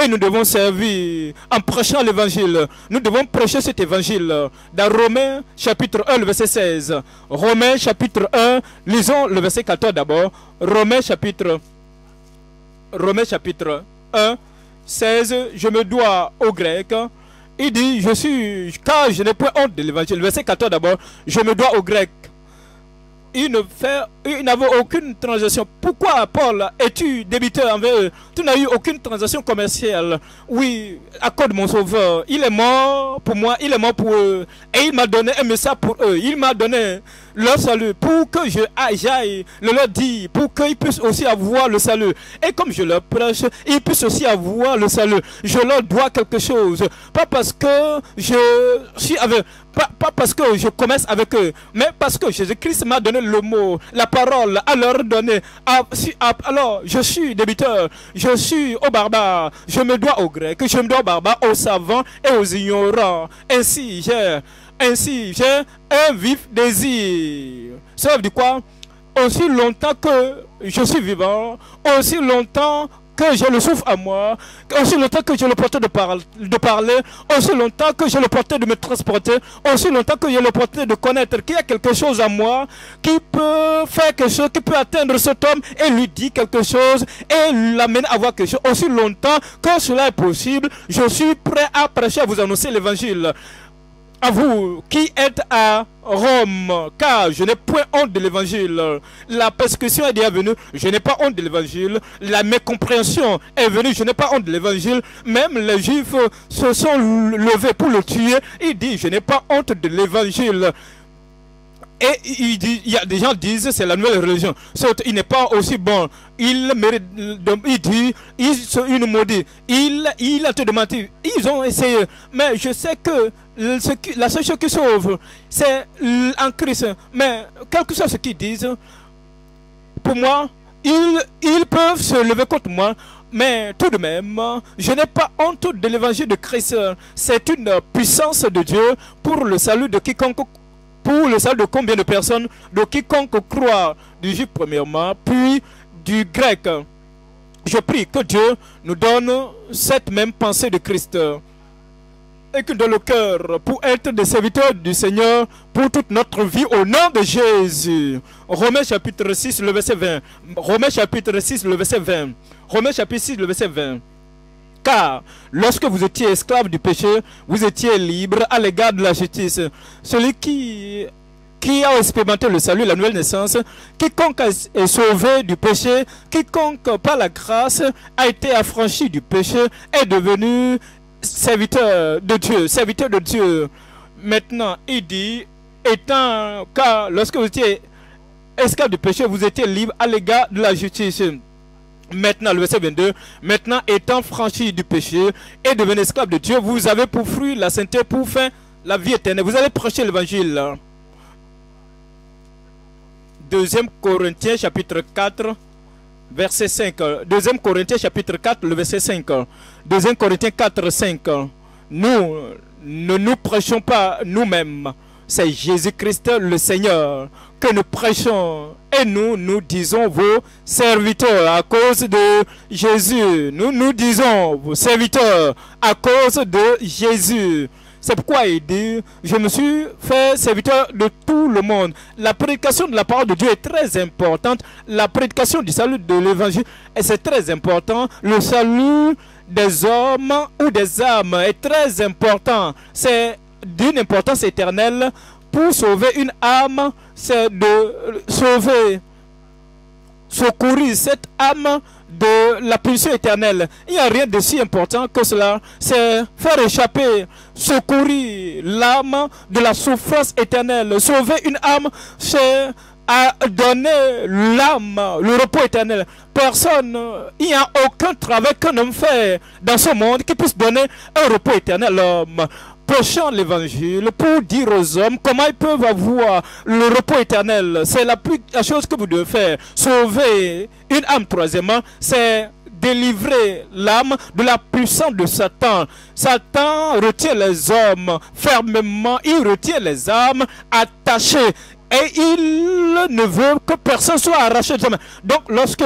Et nous devons servir en prêchant l'évangile. Nous devons prêcher cet évangile. Dans Romains chapitre 1, le verset 16. Romains chapitre 1, lisons le verset 14 d'abord. Romains chapitre, Romains chapitre 1, 16. Je me dois au grec. Il dit, je suis, car je n'ai point honte de l'évangile. Verset 14 d'abord, je me dois au grec il ne aucune transaction. Pourquoi Paul es-tu débiteur envers eux Tu n'as eu aucune transaction commerciale. Oui, accorde mon sauveur. Il est mort pour moi, il est mort pour eux. Et il m'a donné un message pour eux. Il m'a donné leur salut, pour que je aille, le leur dire, pour qu'ils puissent aussi avoir le salut. Et comme je leur prêche, ils puissent aussi avoir le salut. Je leur dois quelque chose. Pas parce que je suis avec, pas, parce que je commence avec eux, mais parce que Jésus-Christ m'a donné le mot, la parole à leur donner. Ah, ah, alors, je suis débiteur, je suis au barbare, je me dois aux Grecs, je me dois aux barbares, aux savants et aux ignorants. Ainsi, j'ai... Ainsi j'ai un vif désir. Ça veut dire quoi Aussi longtemps que je suis vivant, aussi longtemps que je le souffre à moi, aussi longtemps que j'ai le porte de, parler, aussi longtemps que j'ai le porte de me transporter, aussi longtemps que j'ai le de connaître qu'il y a quelque chose à moi qui peut faire quelque chose, qui peut atteindre cet homme et lui dire quelque chose et l'amener à voir quelque chose. Aussi longtemps que cela est possible, je suis prêt à prêcher, à vous annoncer l'évangile à vous qui êtes à Rome, car je n'ai point honte de l'évangile. La persécution est déjà venue, je n'ai pas honte de l'évangile. La mécompréhension est venue, je n'ai pas honte de l'évangile. Même les juifs se sont levés pour le tuer. Il dit, je n'ai pas honte de l'évangile. Et il, y a des gens disent c'est la nouvelle religion. Il n'est pas aussi bon. Il mérite, dit, il, nous maudit. Il, il a tout demandé. Ils ont essayé. Mais je sais que la seule chose qui sauve, c'est en Christ. Mais quel que soit ce qu'ils disent, pour moi, ils, ils peuvent se lever contre moi. Mais tout de même, je n'ai pas honte de l'évangile de Christ. C'est une puissance de Dieu pour le salut de quiconque pour le salut de combien de personnes De quiconque croit, du juif premièrement, puis du grec. Je prie que Dieu nous donne cette même pensée de Christ et que dans le cœur pour être des serviteurs du Seigneur pour toute notre vie au nom de Jésus. Romains chapitre 6, le verset 20. Romains chapitre 6, le verset 20. Romains chapitre 6, le verset 20. Car lorsque vous étiez esclaves du péché, vous étiez libres à l'égard de la justice. Celui qui, qui a expérimenté le salut, la nouvelle naissance, quiconque est sauvé du péché, quiconque par la grâce a été affranchi du péché, est devenu serviteur de Dieu, serviteur de Dieu. Maintenant, il dit, étant, car lorsque vous étiez esclave du péché, vous étiez libre à l'égard de la justice. Maintenant, le verset 22, maintenant étant franchi du péché et devenu esclave de Dieu, vous avez pour fruit la sainteté, pour fin la vie éternelle. Vous allez prêcher l'évangile. Deuxième Corinthiens chapitre 4, verset 5. Euh, deuxième Corinthiens chapitre 4, le verset 5. Euh, deuxième Corinthiens 4, 5. Euh, nous ne nous prêchons pas nous-mêmes. C'est Jésus-Christ le Seigneur que nous prêchons. Et nous, nous disons vos serviteurs à cause de Jésus. Nous, nous disons vos serviteurs à cause de Jésus. C'est pourquoi il dit, je me suis fait serviteur de tout le monde. La prédication de la parole de Dieu est très importante. La prédication du salut de l'évangile, c'est très important. Le salut des hommes ou des âmes est très important. C'est d'une importance éternelle. Pour sauver une âme, c'est de sauver, secourir cette âme de la punition éternelle. Il n'y a rien de si important que cela. C'est faire échapper, secourir l'âme de la souffrance éternelle. Sauver une âme, c'est donner l'âme, le repos éternel. Personne, il n'y a aucun travail qu'un homme fait dans ce monde qui puisse donner un repos éternel à l'homme prêchant l'évangile pour dire aux hommes comment ils peuvent avoir le repos éternel. C'est la, plus, chose que vous devez faire. Sauver une âme, troisièmement, c'est délivrer l'âme de la puissance de Satan. Satan retient les hommes fermement, il retient les âmes attachées. Et il ne veut que personne soit arraché de sa main. Donc lorsque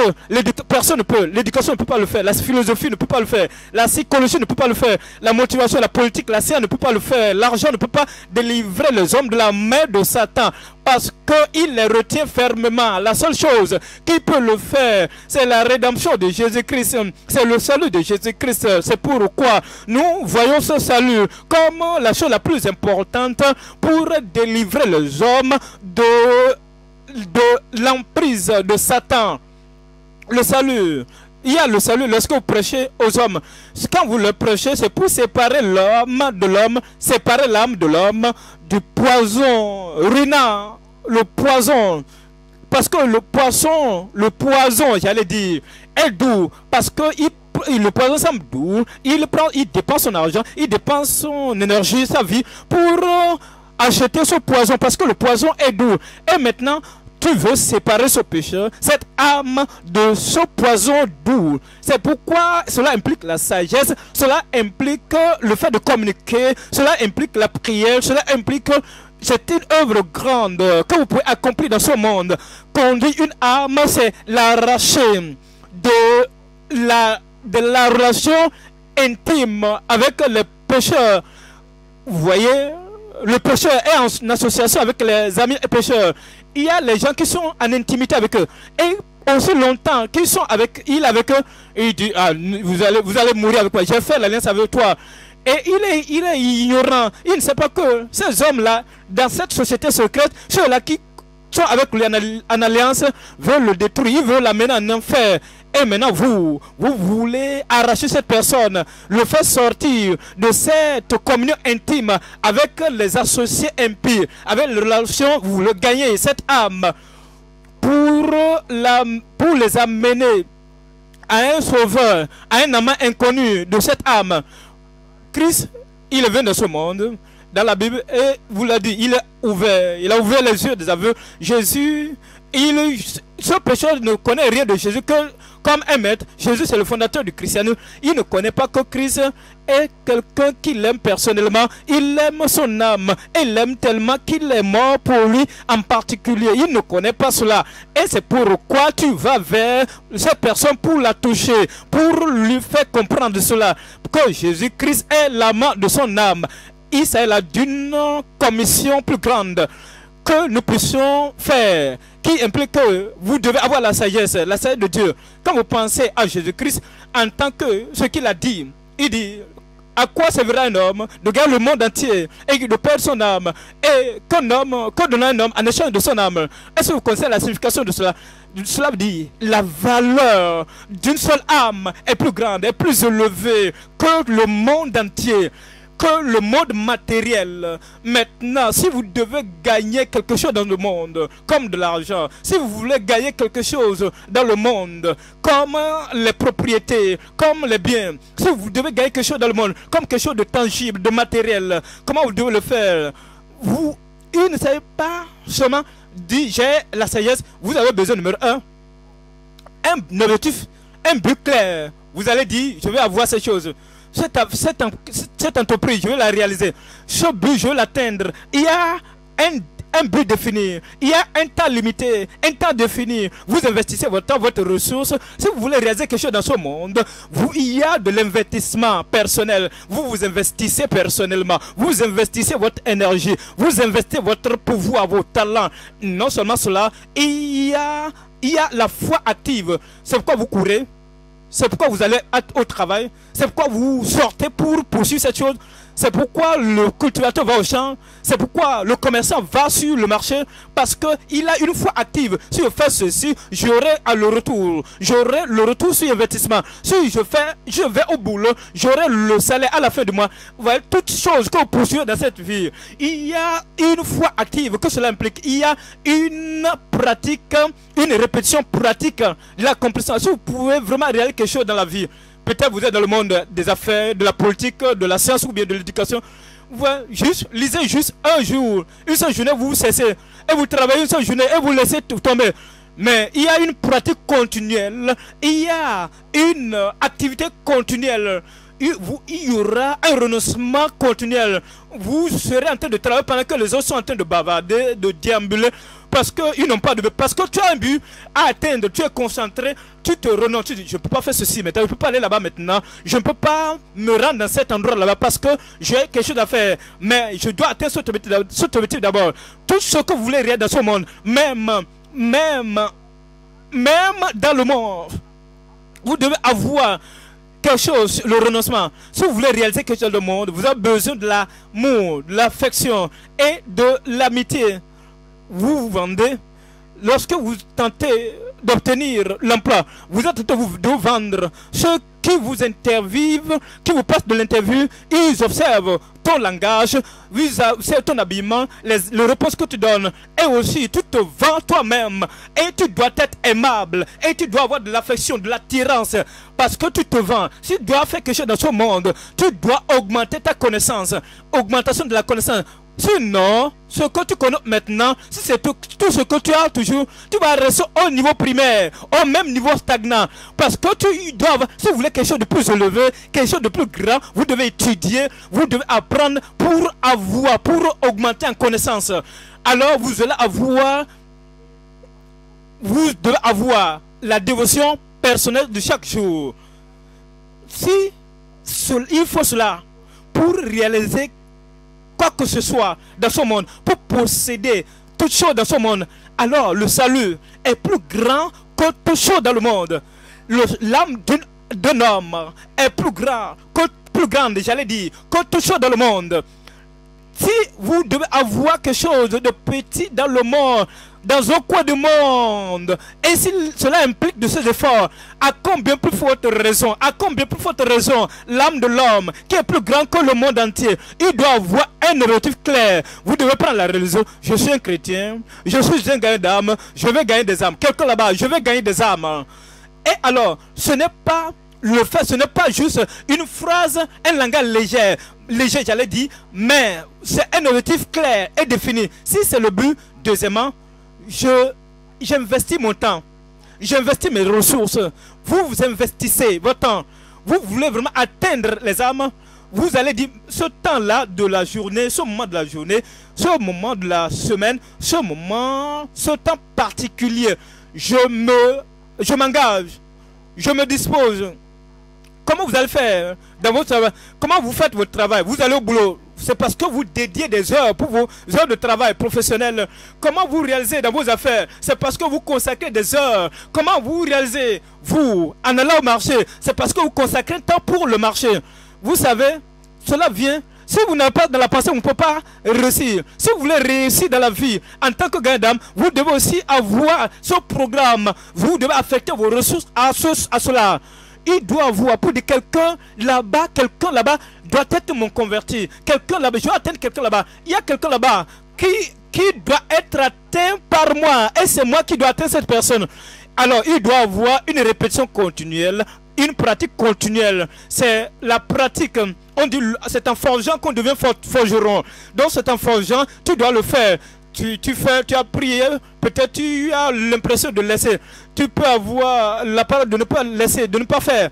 personne ne peut, l'éducation ne peut pas le faire, la philosophie ne peut pas le faire, la psychologie ne peut pas le faire, la motivation, la politique, la science ne peut pas le faire, l'argent ne peut pas délivrer les hommes de la main de Satan parce qu'il les retient fermement. La seule chose qui peut le faire, c'est la rédemption de Jésus-Christ. C'est le salut de Jésus-Christ. C'est pourquoi nous voyons ce salut comme la chose la plus importante pour délivrer les hommes de, de l'emprise de Satan. Le salut il y a le salut lorsque vous prêchez aux hommes. Quand vous le prêchez, c'est pour séparer l'homme de l'homme, séparer l'âme de l'homme du poison ruinant, le poison. Parce que le poison, le poison, j'allais dire, est doux. Parce que il le poison semble doux, il, prend, il dépense son argent, il dépense son énergie, sa vie pour euh, acheter ce poison parce que le poison est doux. Et maintenant, tu veux séparer ce pécheur, cette âme de ce poison doux. C'est pourquoi cela implique la sagesse, cela implique le fait de communiquer, cela implique la prière, cela implique c'est une œuvre grande que vous pouvez accomplir dans ce monde. Conduire une âme, c'est l'arracher de la, de la relation intime avec le pécheur. Vous voyez, le pécheur est en association avec les amis pécheurs il y a les gens qui sont en intimité avec eux. Et aussi longtemps qu'ils sont avec il avec eux, il dit ah, vous allez vous allez mourir avec moi. J'ai fait l'alliance avec toi. Et il est, il est ignorant. Il ne sait pas que ces hommes-là, dans cette société secrète, ceux-là qui sont avec lui en alliance, veulent le détruire, veulent l'amener en enfer. Et maintenant, vous, vous voulez arracher cette personne, le faire sortir de cette communion intime avec les associés impurs, avec les relations, vous le gagnez, cette âme, pour, la, pour les amener à un sauveur, à un amant inconnu de cette âme. Christ, il est venu de ce monde, dans la Bible, et vous l'a dit, il ouvert, il a ouvert les yeux des aveux. Jésus il, ce pécheur ne connaît rien de Jésus comme un maître. Jésus, c'est le fondateur du christianisme. Il ne connaît pas que Christ est quelqu'un qu'il aime personnellement. Il aime son âme. Il l'aime tellement qu'il est mort pour lui en particulier. Il ne connaît pas cela. Et c'est pourquoi tu vas vers cette personne pour la toucher, pour lui faire comprendre cela. Que Jésus-Christ est l'amant de son âme. Il s'agit là d'une commission plus grande que nous puissions faire, qui implique que vous devez avoir la sagesse, la sagesse de Dieu. Quand vous pensez à Jésus-Christ, en tant que ce qu'il a dit, il dit, à quoi servira un homme de gagner le monde entier et de perdre son âme Et qu'un homme, que donner un homme en échange de son âme Est-ce que vous connaissez la signification de cela cela dit la valeur d'une seule âme est plus grande, est plus élevée que le monde entier le mode matériel. Maintenant, si vous devez gagner quelque chose dans le monde, comme de l'argent, si vous voulez gagner quelque chose dans le monde, comme les propriétés, comme les biens, si vous devez gagner quelque chose dans le monde, comme quelque chose de tangible, de matériel, comment vous devez le faire Vous, il ne savez pas seulement dit j'ai la sagesse, vous avez besoin numéro un, un objectif, un but clair. Vous allez dire, je vais avoir ces choses cette, entreprise, je vais la réaliser. Ce but, je vais l'atteindre. Il y a un but défini. Il y a un temps limité, un temps défini. Vous investissez votre temps, votre ressource. Si vous voulez réaliser quelque chose dans ce monde, vous, il y a de l'investissement personnel. Vous vous investissez personnellement. Vous investissez votre énergie. Vous investissez votre pouvoir, vos talents. Non seulement cela, il a, il y a la foi active. C'est pourquoi vous courez. C'est pourquoi vous allez au travail. C'est pourquoi vous sortez pour poursuivre cette chose. C'est pourquoi le cultivateur va au champ, c'est pourquoi le commerçant va sur le marché, parce qu'il a une foi active. Si je fais ceci, j'aurai à le retour. J'aurai le retour sur investissement. Si je fais, je vais au boulot, j'aurai le salaire à la fin du mois. Vous voyez, toutes choses que vous poursuivez dans cette vie. Il y a une foi active que cela implique. Il y a une pratique, une répétition pratique de l'accomplissement. Si vous pouvez vraiment réaliser quelque chose dans la vie, Peut-être vous êtes dans le monde des affaires, de la politique, de la science ou bien de l'éducation. Vous lisez juste un jour, une seule journée, vous vous cessez et vous travaillez une seule journée et vous laissez tout tomber. Mais il y a une pratique continuelle, il y a une activité continuelle. Il, il y aura un renoncement continuel. Vous serez en train de travailler pendant que les autres sont en train de bavarder, de déambuler parce qu'ils n'ont pas de Parce que tu as un but à atteindre, tu es concentré, tu te renonces. Tu dis, je ne peux pas faire ceci maintenant, je ne peux pas aller là-bas maintenant, je ne peux pas me rendre dans cet endroit là-bas parce que j'ai quelque chose à faire. Mais je dois atteindre ce objectif d'abord. Tout ce que vous voulez réaliser dans ce monde, même, même, même dans le monde, vous devez avoir quelque chose, le renoncement. Si vous voulez réaliser quelque chose dans le monde, vous avez besoin de l'amour, de l'affection et de l'amitié vous vendez, lorsque vous tentez d'obtenir l'emploi, vous êtes de vous, de vendre. Ceux qui vous interviewent, qui vous passent de l'interview, ils observent ton langage, ils observent ton habillement, les, le repos que tu donnes. Et aussi, tu te vends toi-même. Et tu dois être aimable. Et tu dois avoir de l'affection, de l'attirance. Parce que tu te vends. Si tu dois faire quelque chose dans ce monde, tu dois augmenter ta connaissance. Augmentation de la connaissance. Sinon, ce que tu connais maintenant, si c'est tout, ce que tu as toujours, tu vas rester au niveau primaire, au même niveau stagnant. Parce que tu dois, si vous voulez quelque chose de plus élevé, quelque chose de plus grand, vous devez étudier, vous devez apprendre pour avoir, pour augmenter en connaissance. Alors vous allez avoir, vous devez avoir la dévotion personnelle de chaque jour. Si il faut cela pour réaliser quoi que ce soit dans ce monde, pour posséder toutes choses dans ce monde, alors le salut est plus grand que toutes chose dans le monde. L'âme d'un homme est plus grand que plus grande, j'allais dire, que toutes choses dans le monde. Si vous devez avoir quelque chose de petit dans le monde, dans un coin du monde. Et si cela implique de ces efforts, à combien plus forte raison, à combien plus forte raison, l'âme de l'homme, qui est plus grand que le monde entier, il doit avoir un objectif clair. Vous devez prendre la religion. Je suis un chrétien, je suis un gagnant d'âme, je vais gagner des âmes. Quelqu'un là-bas, je vais gagner des âmes. Et alors, ce n'est pas le fait, ce n'est pas juste une phrase, un langage léger, léger j'allais dire, mais c'est un objectif clair et défini. Si c'est le but, deuxièmement, j'investis mon temps, j'investis mes ressources. Vous, vous investissez votre temps. Vous voulez vraiment atteindre les âmes. Vous allez dire, ce temps-là de la journée, ce moment de la journée, ce moment de la semaine, ce moment, ce temps particulier, je me, je m'engage, je me dispose. Comment vous allez faire dans votre travail Comment vous faites votre travail Vous allez au boulot. C'est parce que vous dédiez des heures pour vos heures de travail professionnel. Comment vous réalisez dans vos affaires C'est parce que vous consacrez des heures. Comment vous réalisez, vous, en allant au marché C'est parce que vous consacrez un temps pour le marché. Vous savez, cela vient si vous n'avez pas dans la pensée, vous ne pouvez pas réussir. Si vous voulez réussir dans la vie, en tant que grand dame, vous devez aussi avoir ce programme. Vous devez affecter vos ressources à cela il doit avoir pour dire quelqu'un là-bas, quelqu'un là-bas doit être mon converti. Quelqu'un là-bas, je vais atteindre quelqu'un là-bas. Il y a quelqu'un là-bas qui, qui doit être atteint par moi. Et c'est moi qui dois atteindre cette personne. Alors, il doit avoir une répétition continuelle, une pratique continuelle. C'est la pratique. On dit, c'est en forgeant qu'on devient forgeron. Donc, c'est en forgeant, tu dois le faire tu, fais, tu as prié, peut-être tu as l'impression de laisser. Tu peux avoir la parole de ne pas laisser, de ne pas faire.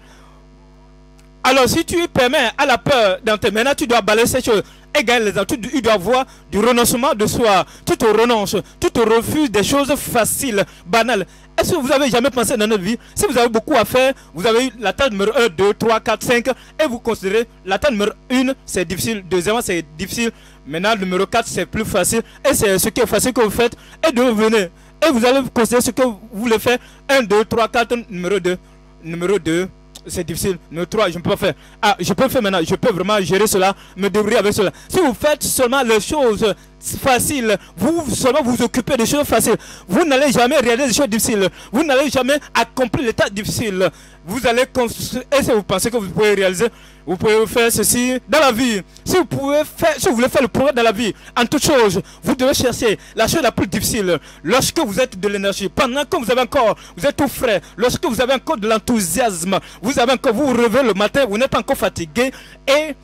Alors si tu permets à la peur tes maintenant tu dois balayer ces choses égale les Il doit avoir du renoncement de soi. Tout renonce, tout refuse des choses faciles, banales. Est-ce que vous avez jamais pensé dans notre vie Si vous avez beaucoup à faire, vous avez eu la tâche numéro 1, 2, 3, 4, 5 et vous considérez la tâche numéro 1, c'est difficile. Deuxièmement, c'est difficile. Maintenant, numéro 4, c'est plus facile. Et c'est ce qui est facile que vous faites. Et de revenir. Et vous allez considérer ce que vous voulez faire. 1, 2, 3, 4, numéro 2. Numéro 2 c'est difficile. mais trois, je ne peux pas faire. Ah, je peux faire maintenant. Je peux vraiment gérer cela, me débrouiller avec cela. Si vous faites seulement les choses faciles, vous seulement vous occupez des choses faciles, vous n'allez jamais réaliser des choses difficiles. Vous n'allez jamais accomplir l'état difficiles vous allez construire. Et si vous pensez que vous pouvez réaliser, vous pouvez faire ceci dans la vie. Si vous, pouvez faire, si vous voulez faire le progrès dans la vie, en toute chose, vous devez chercher la chose la plus difficile. Lorsque vous êtes de l'énergie, pendant que vous avez encore, vous êtes tout frais, lorsque vous avez encore de l'enthousiasme, vous avez encore, vous, vous le matin, vous n'êtes pas encore fatigué et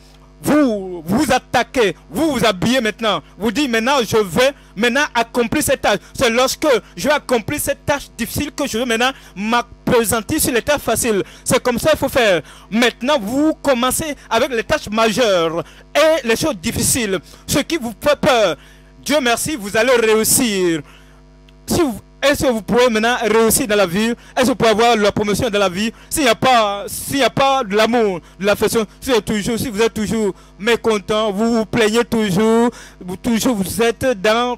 vous vous attaquez, vous vous habillez maintenant, vous dites maintenant je vais maintenant accomplir cette tâche. C'est lorsque je vais accomplir cette tâche difficile que je vais maintenant m'appesantir sur les tâches faciles. C'est comme ça qu'il faut faire. Maintenant, vous commencez avec les tâches majeures et les choses difficiles. Ce qui vous fait peur, Dieu merci, vous allez réussir. Si vous, est-ce que vous pouvez maintenant réussir dans la vie Est-ce que vous pouvez avoir la promotion dans la vie S'il n'y a pas, s'il a pas de l'amour, de l'affection, si, toujours, si vous êtes toujours mécontent, vous vous plaignez toujours, vous, toujours vous êtes dans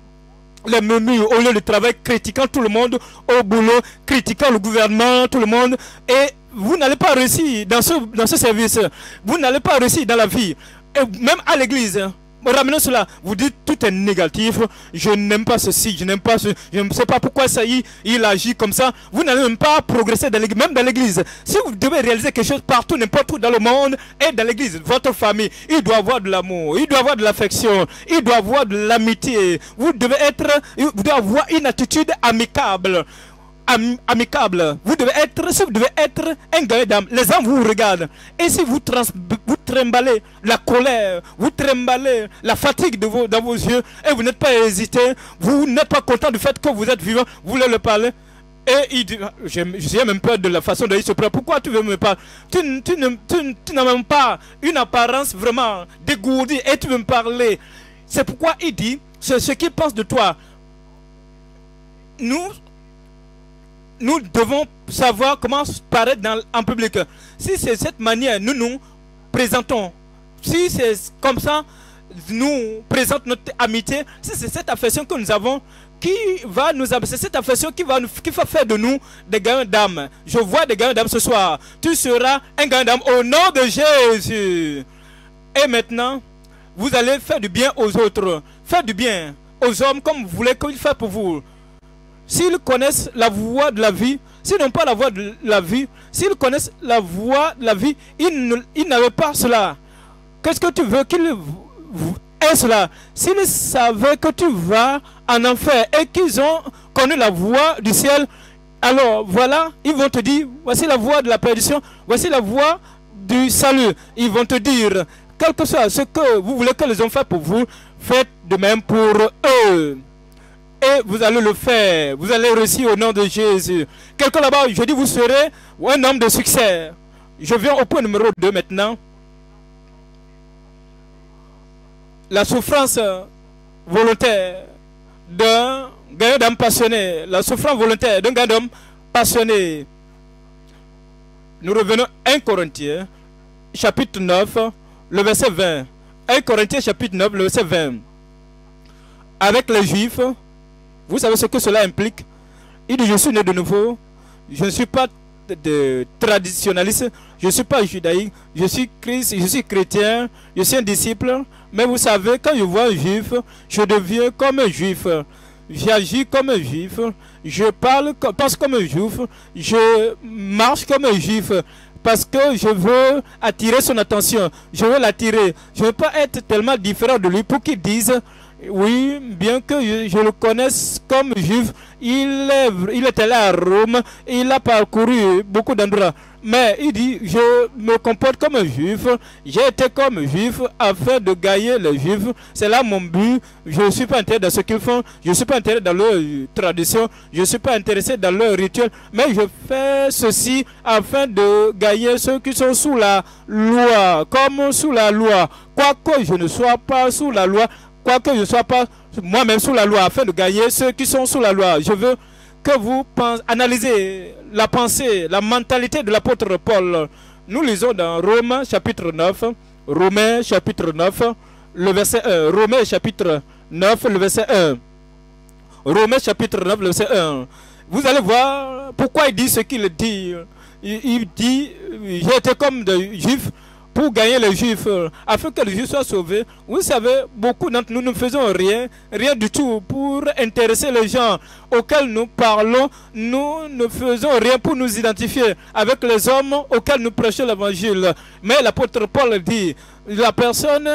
les murmures au lieu de travail, critiquant tout le monde au boulot, critiquant le gouvernement, tout le monde, et vous n'allez pas réussir dans ce, dans ce service, vous n'allez pas réussir dans la vie, et même à l'église ramenez cela. Vous dites tout est négatif. Je n'aime pas ceci. Je n'aime pas ce. Je ne sais pas pourquoi ça il, il agit comme ça. Vous n'allez même pas progresser dans l'église, même dans l'église. Si vous devez réaliser quelque chose partout, n'importe où dans le monde et dans l'église, votre famille, il doit avoir de l'amour, il doit avoir de l'affection, il doit avoir de l'amitié. Vous devez être, vous devez avoir une attitude amicable amicable. Vous devez être, si vous devez être un gars d'âme, les hommes vous regardent. Et si vous, trans, vous trimballez la colère, vous trimballez la fatigue de vos, dans vos yeux, et vous n'êtes pas hésité, vous n'êtes pas content du fait que vous êtes vivant, vous voulez le parler. Et il dit, j'ai même peur de la façon dont il se prend. Pourquoi tu veux me parler Tu, tu, n'as même pas une apparence vraiment dégourdie et tu veux me parler. C'est pourquoi il dit, c'est ce qu'il pense de toi. Nous nous devons savoir comment paraître dans, en public. Si c'est cette manière, nous nous présentons. Si c'est comme ça, nous présente notre amitié. Si c'est cette affection que nous avons qui va nous c'est cette affection qui va nous, qui va faire de nous des gagnants d'âme. Je vois des gagnants d'âme ce soir. Tu seras un gagnant d'âme au nom de Jésus. Et maintenant, vous allez faire du bien aux autres. Faire du bien aux hommes comme vous voulez qu'ils fassent pour vous s'ils connaissent la voie de la vie, s'ils n'ont pas la voie de la vie, s'ils connaissent la voie de la vie, ils n'avaient pas cela. Qu'est-ce que tu veux qu'ils aient cela S'ils savaient que tu vas en enfer et qu'ils ont connu la voie du ciel, alors voilà, ils vont te dire, voici la voie de la perdition, voici la voie du salut. Ils vont te dire, quel que soit ce que vous voulez que les hommes fassent pour vous, faites de même pour eux et vous allez le faire. Vous allez réussir au nom de Jésus. Quelqu'un là-bas, je dis, vous serez un homme de succès. Je viens au point numéro 2 maintenant. La souffrance volontaire d'un gagnant d'homme passionné. La souffrance volontaire d'un gagnant d'homme passionné. Nous revenons à 1 Corinthiens, chapitre 9, le verset 20. 1 Corinthiens, chapitre 9, le verset 20. Avec les Juifs, vous savez ce que cela implique Il dit, je suis né de nouveau, je ne suis pas de, traditionnaliste, je ne suis pas judaïque, je suis je suis chrétien, je suis un disciple, mais vous savez, quand je vois un juif, je deviens comme un juif. J'agis comme un juif, je parle, pense comme un juif, je marche comme un juif, parce que je veux attirer son attention, je veux l'attirer. Je ne veux pas être tellement différent de lui pour qu'il dise, oui, bien que je, le connaisse comme juif, il, est, il était là à Rome, il a parcouru beaucoup d'endroits. Mais il dit, je me comporte comme un juif, j'ai été comme juif afin de gagner les juifs. C'est là mon but. Je ne suis pas intéressé dans ce qu'ils font, je ne suis pas intéressé dans leur tradition, je ne suis pas intéressé dans leur rituel. Mais je fais ceci afin de gagner ceux qui sont sous la loi, comme sous la loi. Quoique je ne sois pas sous la loi, quoique je ne sois pas moi-même sous la loi, afin de gagner ceux qui sont sous la loi. Je veux que vous analysez la pensée, la mentalité de l'apôtre Paul. Nous lisons dans Romains chapitre 9, Romains chapitre 9, le verset 1. Romains chapitre 9, le verset 1. Romains chapitre 9, le verset 1. Vous allez voir pourquoi il dit ce qu'il dit. Il, dit, j'étais comme des juifs pour gagner les juifs, euh, afin que les juifs soient sauvés. Vous savez, beaucoup d'entre nous ne faisons rien, rien du tout pour intéresser les gens auxquels nous parlons. Nous ne faisons rien pour nous identifier avec les hommes auxquels nous prêchons l'évangile. Mais l'apôtre Paul dit, la personne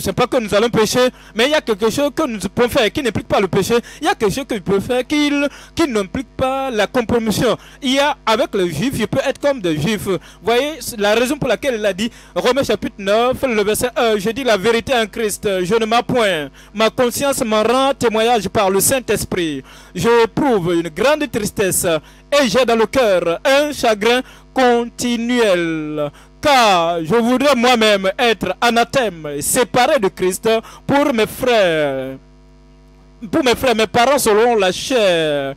c'est pas que nous allons pécher, mais il y a quelque chose que nous pouvons faire qui n'implique pas le péché. Il y a quelque chose que peut faire qui, qui n'implique pas la compromission. Il y a, avec le juif, je peux être comme des juifs. voyez, la raison pour laquelle il a dit, Romains chapitre 9, le verset 1, je dis la vérité en Christ, je ne m'appoint. Ma conscience m'en rend témoignage par le Saint-Esprit. Je éprouve une grande tristesse et j'ai dans le cœur un chagrin continuel car je voudrais moi-même être anathème, séparé de Christ pour mes frères, pour mes frères, mes parents selon la chair,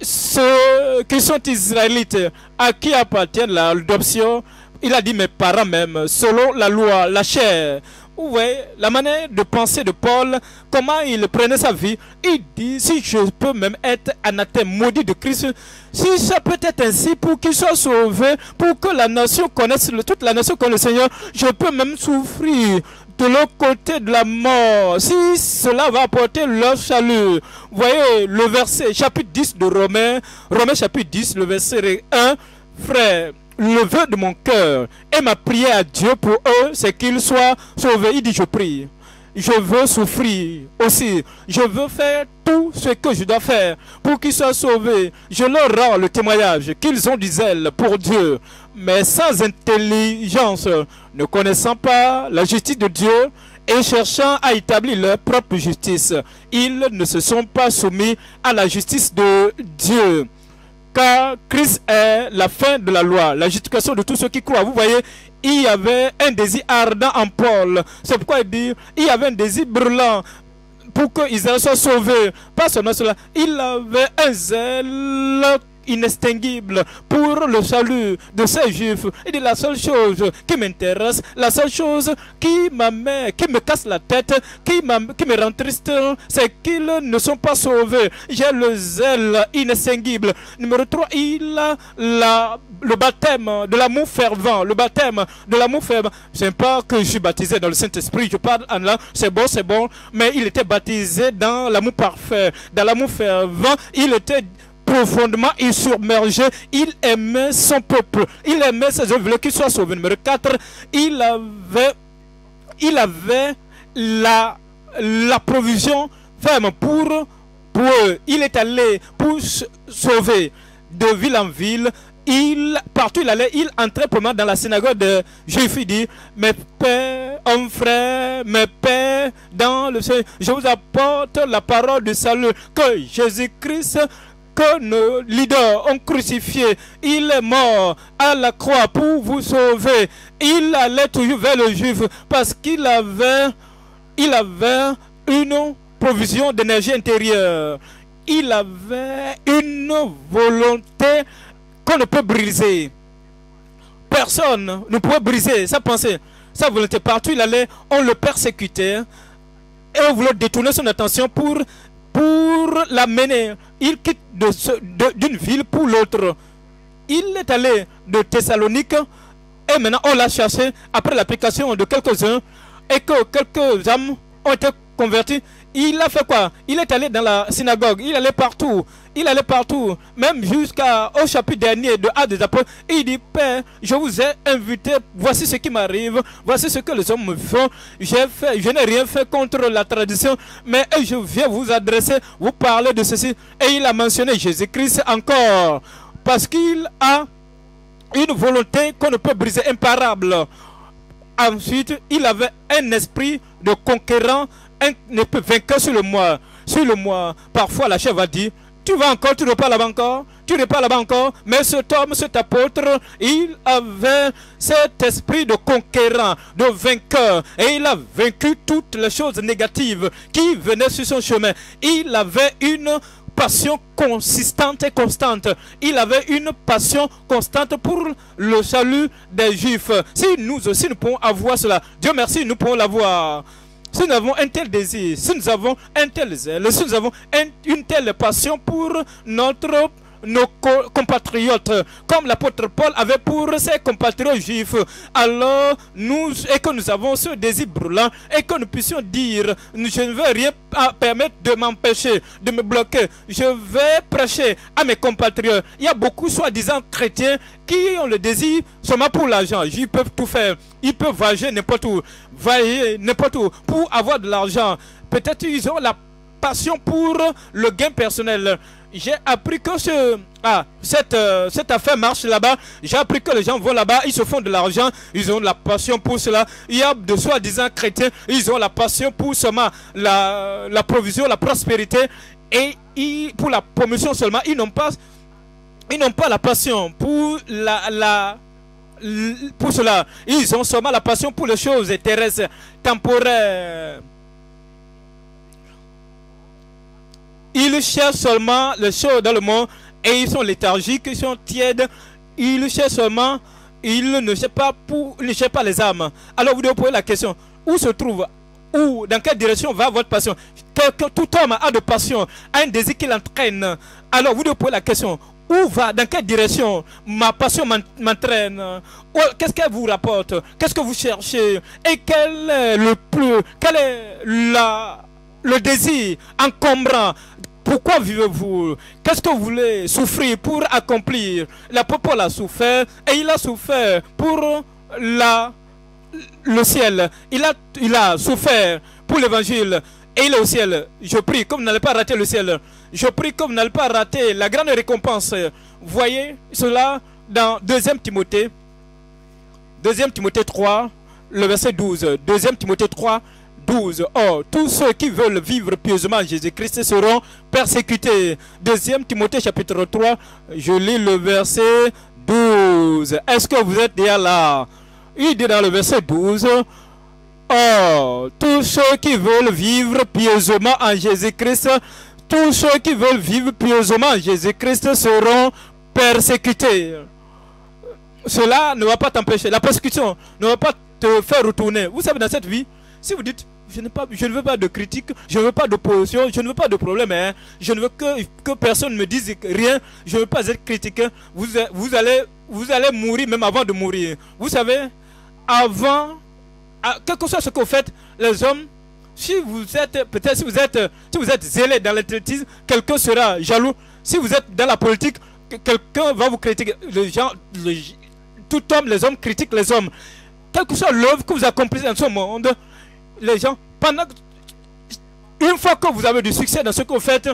ceux qui sont israélites, à qui appartient l'adoption, il a dit mes parents même, selon la loi, la chair, vous voyez la manière de penser de Paul, comment il prenait sa vie. Il dit, si je peux même être un anathème, maudit de Christ, si ça peut être ainsi pour qu'il soit sauvé, pour que la nation connaisse, toute la nation connaisse le Seigneur, je peux même souffrir de leur côté de la mort, si cela va apporter leur salut. Voyez le verset, chapitre 10 de Romains, Romains chapitre 10, le verset 1, frère le vœu de mon cœur et ma prière à Dieu pour eux, c'est qu'ils soient sauvés. Il dit, je prie. Je veux souffrir aussi. Je veux faire tout ce que je dois faire pour qu'ils soient sauvés. Je leur rends le témoignage qu'ils ont du zèle pour Dieu, mais sans intelligence, ne connaissant pas la justice de Dieu et cherchant à établir leur propre justice. Ils ne se sont pas soumis à la justice de Dieu car Christ est la fin de la loi, la justification de tous ceux qui croient. Vous voyez, il y avait un désir ardent en Paul. C'est pourquoi il dit, il y avait un désir brûlant pour que Israël soit sauvé. Pas seulement cela, il avait un zèle inextinguible pour le salut de ces juifs. et de la seule chose qui m'intéresse, la seule chose qui m'amène, qui me casse la tête, qui, me rend triste, c'est qu'ils ne sont pas sauvés. J'ai le zèle inextinguible. Numéro 3, il a la, le baptême de l'amour fervent, le baptême de l'amour fervent. C'est pas que je suis baptisé dans le Saint-Esprit, je parle en là, c'est bon, c'est bon, mais il était baptisé dans l'amour parfait, dans l'amour fervent, il était profondément, et submergé il aimait son peuple, il aimait ses œuvres, voulait qu'il soit sauvé. Numéro 4, il avait, il avait la, la provision ferme pour, pour eux. Il est allé pour sauver de ville en ville. Il, partout il allait, il entrait pour dans la synagogue de Juif. Il dit, mes pères, hommes frères, mes pères, dans le ciel je vous apporte la parole du salut que Jésus-Christ, que nos leaders ont crucifié. Il est mort à la croix pour vous sauver. Il allait toujours vers le juif parce qu'il avait, il avait une provision d'énergie intérieure. Il avait une volonté qu'on ne peut briser. Personne ne pouvait briser sa pensée, sa volonté. Partout il allait, on le persécutait et on voulait détourner son attention pour pour l'amener. Il quitte d'une ville pour l'autre. Il est allé de Thessalonique et maintenant on l'a cherché après l'application de quelques-uns et que quelques âmes ont été convertis... Il a fait quoi Il est allé dans la synagogue, il allait partout, il allait partout, même jusqu'au chapitre dernier de A des Apôtres. Il dit Père, je vous ai invité, voici ce qui m'arrive, voici ce que les hommes me font. je n'ai rien fait contre la tradition, mais je viens vous adresser, vous parler de ceci. Et il a mentionné Jésus-Christ encore, parce qu'il a une volonté qu'on ne peut briser, imparable. Ensuite, il avait un esprit de conquérant, ne peut vaincre sur le moi. Sur le moi, parfois la chair va dire, tu vas encore, tu pas là-bas encore, tu pas là-bas encore. Mais cet homme, cet apôtre, il avait cet esprit de conquérant, de vainqueur. Et il a vaincu toutes les choses négatives qui venaient sur son chemin. Il avait une passion consistante et constante. Il avait une passion constante pour le salut des Juifs. Si nous aussi nous pouvons avoir cela, Dieu merci, nous pouvons l'avoir si nous avons un tel désir, si nous avons un tel zèle, si nous avons une telle passion pour notre nos compatriotes, comme l'apôtre Paul avait pour ses compatriotes juifs. Alors, nous, et que nous avons ce désir brûlant, et que nous puissions dire, je ne veux rien permettre de m'empêcher, de me bloquer. Je vais prêcher à mes compatriotes. Il y a beaucoup, soi-disant, chrétiens qui ont le désir seulement pour l'argent. Ils peuvent tout faire. Ils peuvent voyager n'importe où. Voyager n'importe où pour avoir de l'argent. Peut-être ils ont la passion pour le gain personnel j'ai appris que ce, ah, cette, euh, cette affaire marche là-bas. J'ai appris que les gens vont là-bas, ils se font de l'argent, ils ont la passion pour cela. Il y a de soi-disant chrétiens, ils ont la passion pour seulement la, la provision, la prospérité et pour la promotion seulement. Ils n'ont pas, ils pas la passion pour la, pour cela. Ils ont seulement la passion pour les choses terrestres, temporaires. Ils cherchent seulement le choses dans le monde et ils sont léthargiques, ils sont tièdes. Ils cherchent seulement, ils ne cherchent pas, pour, pas les âmes. Alors vous devez poser la question, où se trouve où, dans quelle direction va votre passion Tout homme a de passion, a un désir qui l'entraîne. Alors vous devez poser la question, où va, dans quelle direction ma passion m'entraîne oh, Qu'est-ce qu'elle vous rapporte Qu'est-ce que vous cherchez Et quel est le plus, quel est le désir encombrant pourquoi vivez-vous Qu'est-ce que vous voulez souffrir pour accomplir La peuple a souffert et il a souffert pour la, le ciel. Il a, il a souffert pour l'évangile et il est au ciel. Je prie comme n'allez pas rater le ciel. Je prie comme n'allez pas rater la grande récompense. Voyez cela dans 2 Timothée, 2 Timothée 3, le verset 12. 2 Timothée 3, 12. Or, tous ceux qui veulent vivre pieusement en Jésus-Christ seront persécutés. Deuxième Timothée chapitre 3, je lis le verset 12. Est-ce que vous êtes déjà là Il dit dans le verset 12, Or, tous ceux qui veulent vivre pieusement en Jésus-Christ, tous ceux qui veulent vivre pieusement en Jésus-Christ seront persécutés. Cela ne va pas t'empêcher. La persécution ne va pas te faire retourner. Vous savez, dans cette vie, si vous dites, je ne, pas, je ne veux pas de critique, je ne veux pas d'opposition, je ne veux pas de problème. Hein. Je ne veux que, que personne ne me dise rien. Je ne veux pas être critiqué. Vous, vous, allez, vous allez mourir même avant de mourir. Vous savez, avant, à, ah, quel que soit ce que vous faites, les hommes, si vous êtes, peut-être si vous êtes, si vous êtes zélé dans l'athlétisme, quelqu'un sera jaloux. Si vous êtes dans la politique, quelqu'un va vous critiquer. tout homme, les hommes critiquent les hommes. Quelle que soit l'œuvre que vous accomplissez dans ce monde, les gens, pendant une fois que vous avez du succès dans ce que vous faites,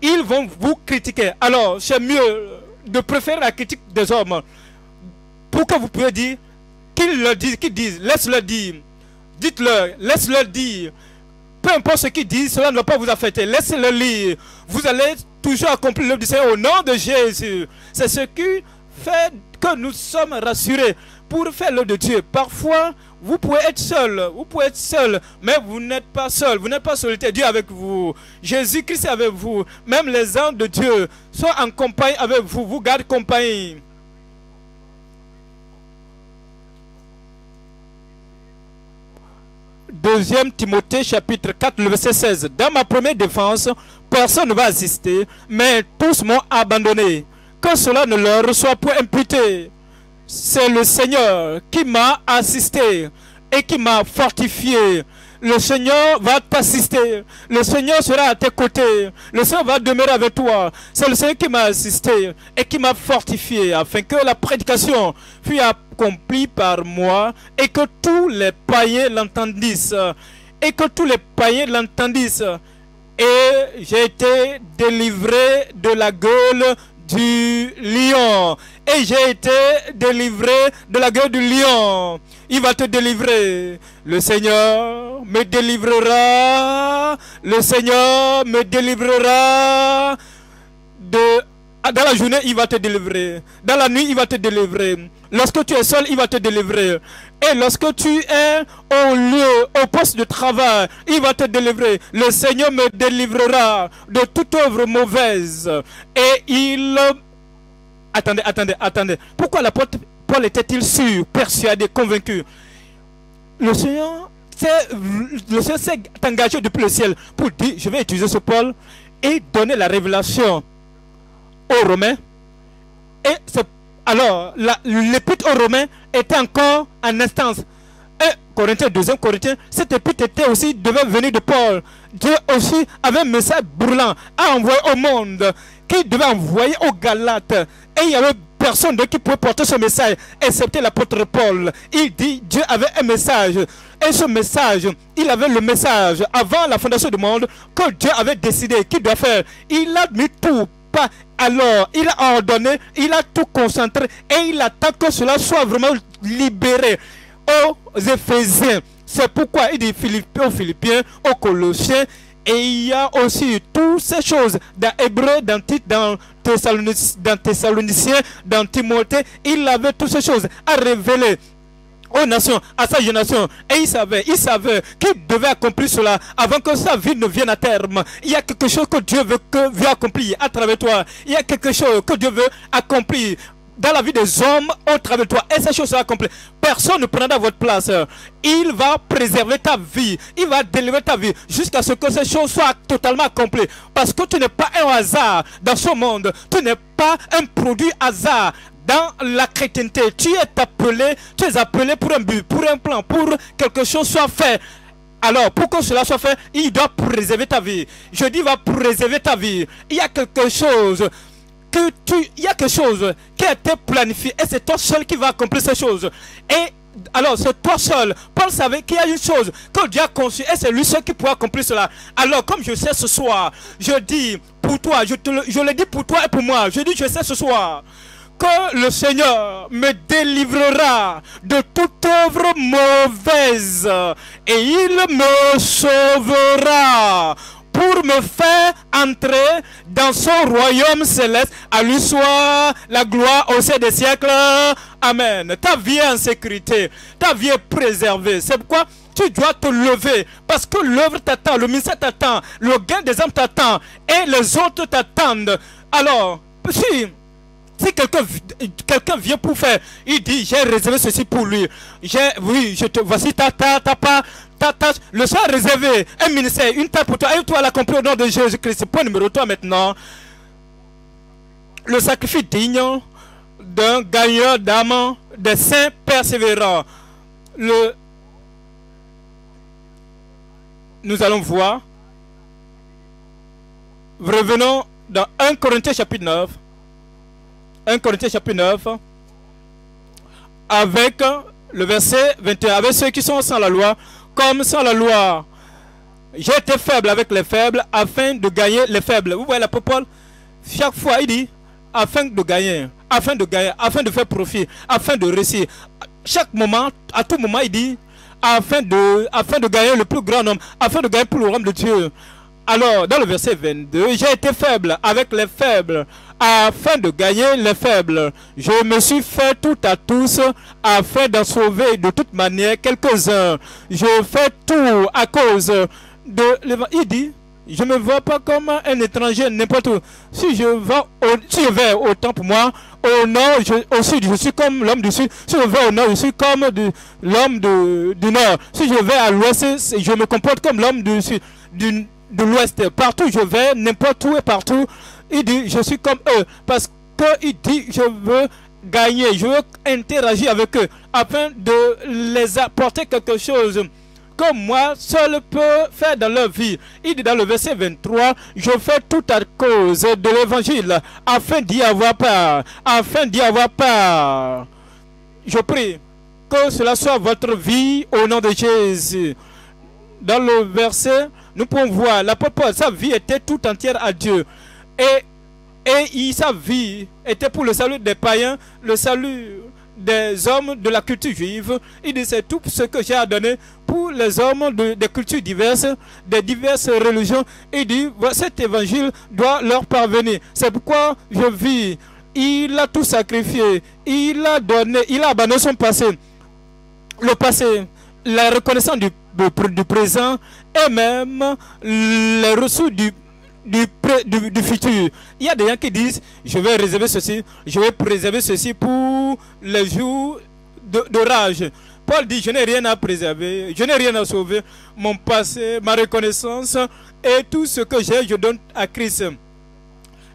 ils vont vous critiquer. Alors, c'est mieux de préférer la critique des hommes pour que vous puissiez dire qu'ils le disent, qu'ils disent, laisse-le dire, dites-leur, laisse-le dire. Peu importe ce qu'ils disent, cela ne va pas vous affecter. Laissez-le lire. Vous allez toujours accomplir le du au nom de Jésus. C'est ce qui fait que nous sommes rassurés pour faire l'œuvre de Dieu. Parfois, vous pouvez être seul, vous pouvez être seul, mais vous n'êtes pas seul, vous n'êtes pas solitaire. Dieu avec vous. Jésus-Christ est avec vous. Même les anges de Dieu sont en compagnie avec vous, vous gardent compagnie. Deuxième Timothée chapitre 4, verset 16. Dans ma première défense, personne ne va assister, mais tous m'ont abandonné. Que cela ne leur soit pas imputé c'est le Seigneur qui m'a assisté et qui m'a fortifié. Le Seigneur va t'assister. Le Seigneur sera à tes côtés. Le Seigneur va demeurer avec toi. C'est le Seigneur qui m'a assisté et qui m'a fortifié afin que la prédication fût accomplie par moi et que tous les païens l'entendissent. Et que tous les païens l'entendissent. Et j'ai été délivré de la gueule lion. Et j'ai été délivré de la guerre du lion. Il va te délivrer. Le Seigneur me délivrera. Le Seigneur me délivrera. De, dans la journée, il va te délivrer. Dans la nuit, il va te délivrer. Lorsque tu es seul, il va te délivrer. Et lorsque tu es au lieu, au poste de travail, il va te délivrer. Le Seigneur me délivrera de toute œuvre mauvaise. Et il... Attendez, attendez, attendez. Pourquoi l'apôtre Paul était-il sûr, persuadé, convaincu Le Seigneur le s'est engagé depuis le ciel pour dire, je vais utiliser ce Paul et donner la révélation aux Romains. Et alors, l'épître aux Romains était encore en instance. Et Corinthiens, deuxième Corinthiens, cette épître était aussi devait venir de Paul. Dieu aussi avait un message brûlant à envoyer au monde, qu'il devait envoyer aux Galates. Et il y avait personne qui pouvait porter ce message, excepté l'apôtre Paul. Il dit, Dieu avait un message. Et ce message, il avait le message avant la fondation du monde que Dieu avait décidé qu'il doit faire. Il a mis tout, pas alors il a ordonné, il a tout concentré et il attend que cela soit vraiment libéré aux Éphésiens. C'est pourquoi il dit aux Philippiens, aux Colossiens, et il y a aussi toutes ces choses dans Hébreu, dans Tite, dans Thessaloniciens, dans Thessaloniciens, dans Timothée. Il avait toutes ces choses à révéler aux nations, à sa génération. Et il savait, il savait qu'il devait accomplir cela avant que sa vie ne vienne à terme. Il y a quelque chose que Dieu veut, que, veut accomplir à travers toi. Il y a quelque chose que Dieu veut accomplir dans la vie des hommes au travers toi. Et ces choses sera accomplies. Personne ne prendra votre place. Il va préserver ta vie. Il va délivrer ta vie jusqu'à ce que ces choses soient totalement accomplies. Parce que tu n'es pas un hasard dans ce monde. Tu n'es pas un produit hasard dans la chrétienté. Tu es appelé, tu es appelé pour un but, pour un plan, pour quelque chose soit fait. Alors, pour que cela soit fait, il doit préserver ta vie. Je dis, va préserver ta vie. Il y a quelque chose que tu, il quelque chose qui a été planifié et c'est toi seul qui va accomplir ces choses. Et alors, c'est toi seul. Paul savait qu'il y a une chose que Dieu a conçue et c'est lui seul qui pourra accomplir cela. Alors, comme je sais ce soir, je dis pour toi, je, te je le dis pour toi et pour moi, je dis je sais ce soir que le Seigneur me délivrera de toute œuvre mauvaise et il me sauvera pour me faire entrer dans son royaume céleste. À lui soit la gloire au sein des siècles. Amen. Ta vie est en sécurité. Ta vie est préservée. C'est pourquoi tu dois te lever parce que l'œuvre t'attend, le ministère t'attend, le gain des hommes t'attend et les autres t'attendent. Alors, si si quelqu'un vient pour faire, il dit j'ai réservé ceci pour lui. oui, je te voici ta ta ta part, ta tâche. Le soir réservé, un ministère, une table pour toi. Et toi à l'accomplir au nom de Jésus-Christ. Point numéro 3 maintenant. Le sacrifice digne d'un gagneur d'âme, des saints persévérants. Le nous allons voir. Revenons dans 1 Corinthiens chapitre 9. 1 Corinthiens chapitre 9 avec le verset 21. Avec ceux qui sont sans la loi, comme sans la loi, j'ai été faible avec les faibles afin de gagner les faibles. Vous voyez la Paul, chaque fois il dit afin de gagner, afin de gagner, afin de faire profit, afin de réussir. Chaque moment, à tout moment, il dit afin de, afin de gagner le plus grand homme, afin de gagner pour le royaume de Dieu. Alors, dans le verset 22, j'ai été faible avec les faibles afin de gagner les faibles. Je me suis fait tout à tous afin d'en sauver de toute manière quelques-uns. Je fais tout à cause de Il dit, je ne me vois pas comme un étranger n'importe où. Si je, vais au, si je vais au temple, moi, au nord, je, au sud, je suis comme l'homme du sud. Si je vais au nord, je suis comme l'homme du nord. Si je vais à l'ouest, je me comporte comme l'homme du sud de l'Ouest, partout je vais, n'importe où et partout, il dit, je suis comme eux. Parce qu'il dit, je veux gagner, je veux interagir avec eux, afin de les apporter quelque chose comme moi seul peut faire dans leur vie. Il dit dans le verset 23, je fais tout à cause de l'évangile, afin d'y avoir part, afin d'y avoir part. Je prie que cela soit votre vie au nom de Jésus. Dans le verset nous pouvons voir la Paul, sa vie était tout entière à Dieu. Et, et il, sa vie était pour le salut des païens, le salut des hommes de la culture juive. Il dit c'est tout ce que j'ai à donner pour les hommes de, des cultures diverses, des diverses religions. Il dit cet évangile doit leur parvenir. C'est pourquoi je vis. Il a tout sacrifié. Il a donné. Il a abandonné son passé. Le passé, la reconnaissance du, du, du présent et même les ressources du du, futur. Il y a des gens qui disent, je vais réserver ceci, je vais préserver ceci pour les jours d'orage. Paul dit, je n'ai rien à préserver, je n'ai rien à sauver. Mon passé, ma reconnaissance et tout ce que j'ai, je donne à Christ.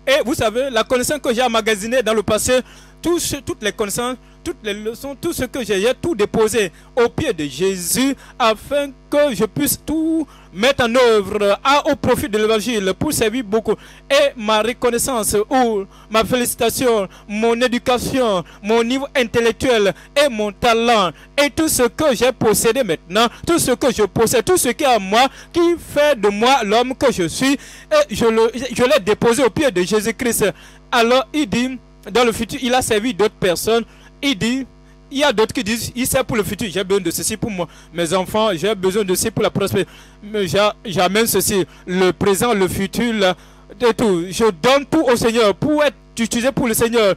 Et vous savez, la connaissance que j'ai emmagasinée dans le passé, toutes les connaissances toutes les leçons, tout ce que j'ai, j'ai tout déposé au pied de Jésus afin que je puisse tout mettre en œuvre à, au profit de l'évangile pour servir beaucoup. Et ma reconnaissance ou ma félicitation, mon éducation, mon niveau intellectuel et mon talent et tout ce que j'ai possédé maintenant, tout ce que je possède, tout ce qui est à moi, qui fait de moi l'homme que je suis, et je l'ai déposé au pied de Jésus-Christ. Alors il dit, dans le futur, il a servi d'autres personnes il dit, il y a d'autres qui disent, il sait pour le futur, j'ai besoin de ceci pour moi, mes enfants, j'ai besoin de ceci pour la prospérité, j'amène ceci, le présent, le futur, de tout. Je donne tout au Seigneur pour être utilisé pour le Seigneur.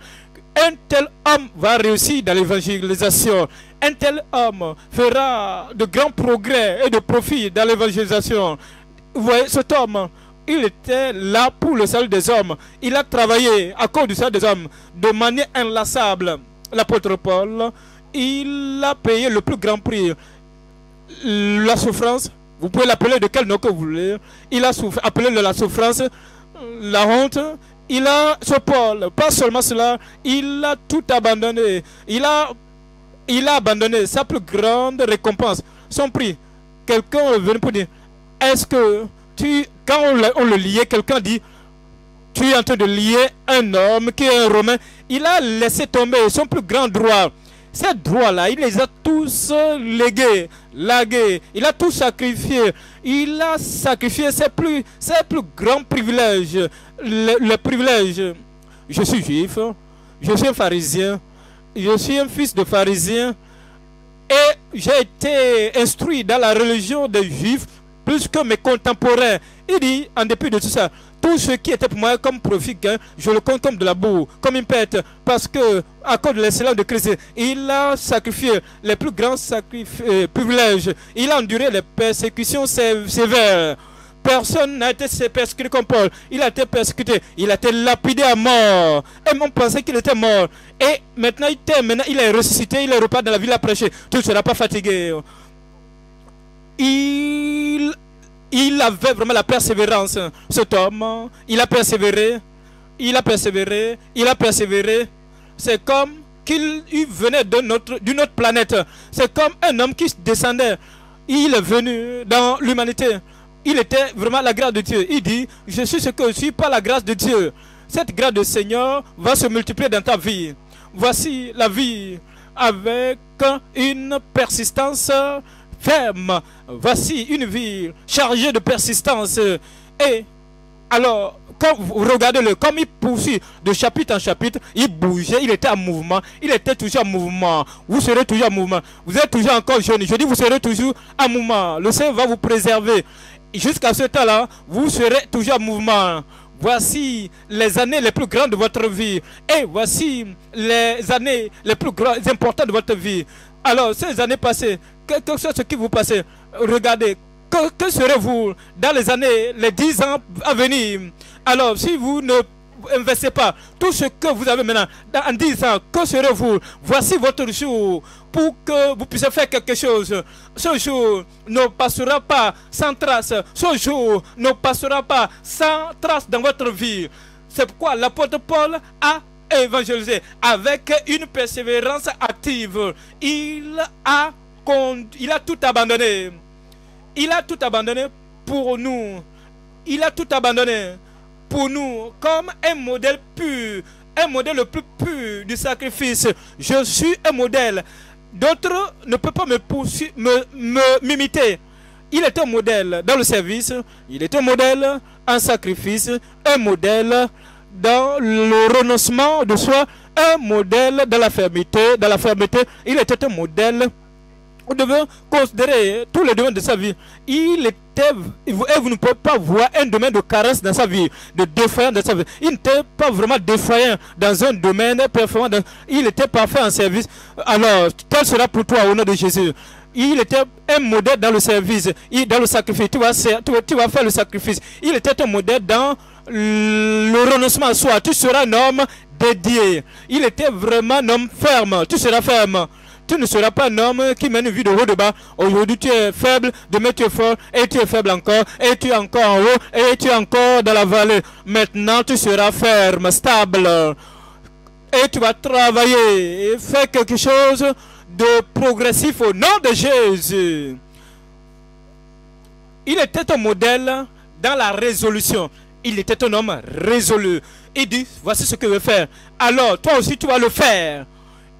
Un tel homme va réussir dans l'évangélisation. Un tel homme fera de grands progrès et de profit dans l'évangélisation. Vous voyez, cet homme, il était là pour le salut des hommes. Il a travaillé à cause du salut des hommes de manière inlassable l'apôtre Paul, il a payé le plus grand prix. La souffrance, vous pouvez l'appeler de quel nom que vous voulez, il a appelé la souffrance, la honte, il a, ce Paul, pas seulement cela, il a tout abandonné. Il a, il a abandonné sa plus grande récompense, son prix. Quelqu'un est pour dire, est-ce que tu, quand on le, on le liait, quelqu'un dit, tu es en train de lier un homme qui est un Romain il a laissé tomber son plus grand droit. Ces droits-là, il les a tous légués, lagués, il a tout sacrifié. Il a sacrifié ses plus, ses plus grands privilèges, le, privilège. Je suis juif, je suis un pharisien, je suis un fils de pharisien et j'ai été instruit dans la religion des juifs plus que mes contemporains. Il dit, en dépit de tout ça, tout ce qui était pour moi comme profit, hein, je le contemple de la boue, comme une pète, parce que à cause de l'excellence de Christ, il a sacrifié les plus grands euh, privilèges. Il a enduré les persécutions sévères. Personne n'a été persécuté comme Paul. Il a été persécuté. Il a été lapidé à mort. Et on pensait qu'il était mort. Et maintenant il était, maintenant il est ressuscité, il est repart dans la ville à prêcher. Tout ne sera pas fatigué. Il il avait vraiment la persévérance, cet homme. Il a persévéré, il a persévéré, il a persévéré. C'est comme qu'il venait d'une autre, planète. C'est comme un homme qui descendait. Il est venu dans l'humanité. Il était vraiment la grâce de Dieu. Il dit, je suis ce que je suis par la grâce de Dieu. Cette grâce du Seigneur va se multiplier dans ta vie. Voici la vie avec une persistance ferme. Voici une vie chargée de persistance. Et alors, quand vous regardez le, comme il poursuit de chapitre en chapitre, il bougeait, il était en mouvement, il était toujours en mouvement. Vous serez toujours en mouvement. Vous êtes toujours encore jeune. Je dis, vous serez toujours en mouvement. Le Seigneur va vous préserver. Jusqu'à ce temps-là, vous serez toujours en mouvement. Voici les années les plus grandes de votre vie. Et voici les années les plus importantes de votre vie. Alors, ces années passées, quel que soit ce qui vous passe, regardez, que, serez-vous dans les années, les dix ans à venir Alors, si vous ne investissez pas tout ce que vous avez maintenant, dans, en dix ans, que serez-vous Voici votre jour pour que vous puissiez faire quelque chose. Ce jour ne passera pas sans trace. Ce jour ne passera pas sans trace dans votre vie. C'est pourquoi l'apôtre Paul a évangéliser avec une persévérance active. Il a, il a tout abandonné. Il a tout abandonné pour nous. Il a tout abandonné pour nous comme un modèle pur, un modèle le plus pur du sacrifice. Je suis un modèle. D'autres ne peuvent pas me me m'imiter. Il est un modèle dans le service, il est un modèle en sacrifice, un modèle dans le renoncement de soi, un modèle de la fermeté. Dans la fermeté, il était un modèle. On devait considérer tous les domaines de sa vie. Il était, vous ne pouvez pas voir un domaine de caresse dans sa vie, de défaillant dans sa vie. Il n'était pas vraiment défaillant dans un domaine performant. il était parfait en service. Alors, quel sera pour toi au nom de Jésus il était un modèle dans le service, dans le sacrifice. Tu vas, tu vas, faire le sacrifice. Il était un modèle dans le renoncement à soi. Tu seras un homme dédié. Il était vraiment un homme ferme. Tu seras ferme. Tu ne seras pas un homme qui mène une vie de haut de bas. Aujourd'hui, tu es faible, demain tu es fort, et tu es faible encore, et tu es encore en haut, et tu es encore dans la vallée. Maintenant, tu seras ferme, stable, et tu vas travailler et faire quelque chose de progressif au nom de Jésus. Il était un modèle dans la résolution. Il était un homme résolu. Il dit, voici ce que je vais faire. Alors, toi aussi, tu vas le faire.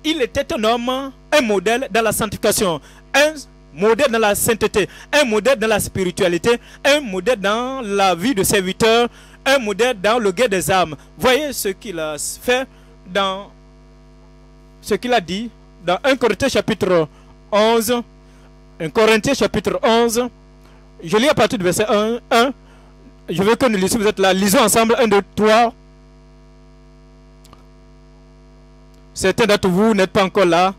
Il était un homme, un modèle dans la sanctification, un modèle dans la sainteté, un modèle dans la spiritualité, un modèle dans la vie de serviteur, un modèle dans le guet des âmes. Voyez ce qu'il a fait dans ce qu'il a dit dans 1 Corinthiens chapitre 11. 1 Corinthiens chapitre 11. Je lis à partir du verset 1. 1 je veux que nous lisions, vous êtes là, lisons ensemble un, deux, trois. Certains d'entre vous n'êtes pas encore là.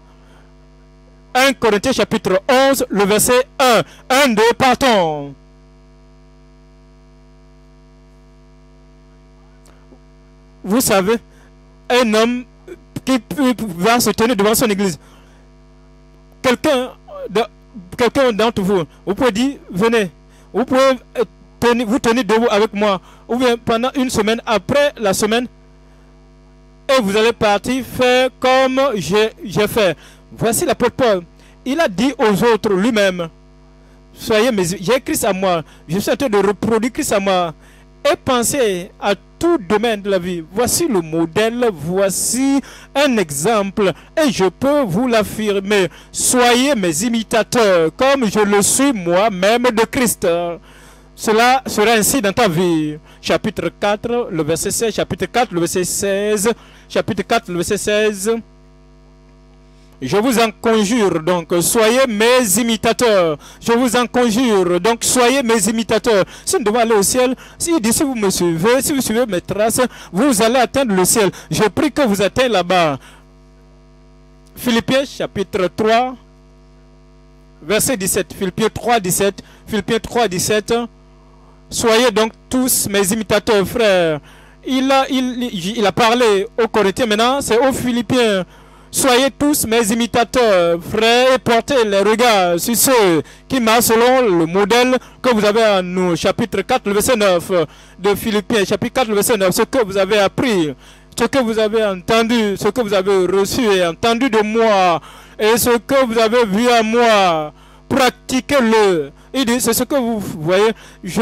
1 Corinthiens chapitre 11, le verset 1. Un, 2, partons. Vous savez, un homme qui va se tenir devant son église. Quelqu'un d'entre vous, vous pouvez dire, venez. Vous pouvez vous tenez debout avec moi, ou bien pendant une semaine, après la semaine, et vous allez partir faire comme j'ai fait. Voici l'apôtre Paul. Il a dit aux autres lui-même, soyez mes j'ai Christ à moi, je suis en train de reproduire Christ à moi, et pensez à tout domaine de la vie. Voici le modèle, voici un exemple, et je peux vous l'affirmer. Soyez mes imitateurs, comme je le suis moi-même de Christ. Cela sera ainsi dans ta vie. Chapitre 4, le verset 16. Chapitre 4, le verset 16. Chapitre 4, le verset 16. Je vous en conjure, donc, soyez mes imitateurs. Je vous en conjure, donc, soyez mes imitateurs. Si nous devons aller au ciel, si, d'ici vous me suivez, si vous suivez mes traces, vous allez atteindre le ciel. Je prie que vous atteignez là-bas. Philippiens chapitre 3, verset 17. Philippiens 3, 17. Philippiens 3, 17. Soyez donc tous mes imitateurs, frères. Il a, parlé aux Corinthiens, maintenant c'est aux Philippiens. Soyez tous mes imitateurs, frères, et portez les regards sur ceux qui marchent selon le modèle que vous avez en nous. Chapitre 4, le verset 9 de Philippiens. Chapitre 4, verset 9. Ce que vous avez appris, ce que vous avez entendu, ce que vous avez reçu et entendu de moi, et ce que vous avez vu à moi, pratiquez-le il dit, c'est ce que vous voyez, je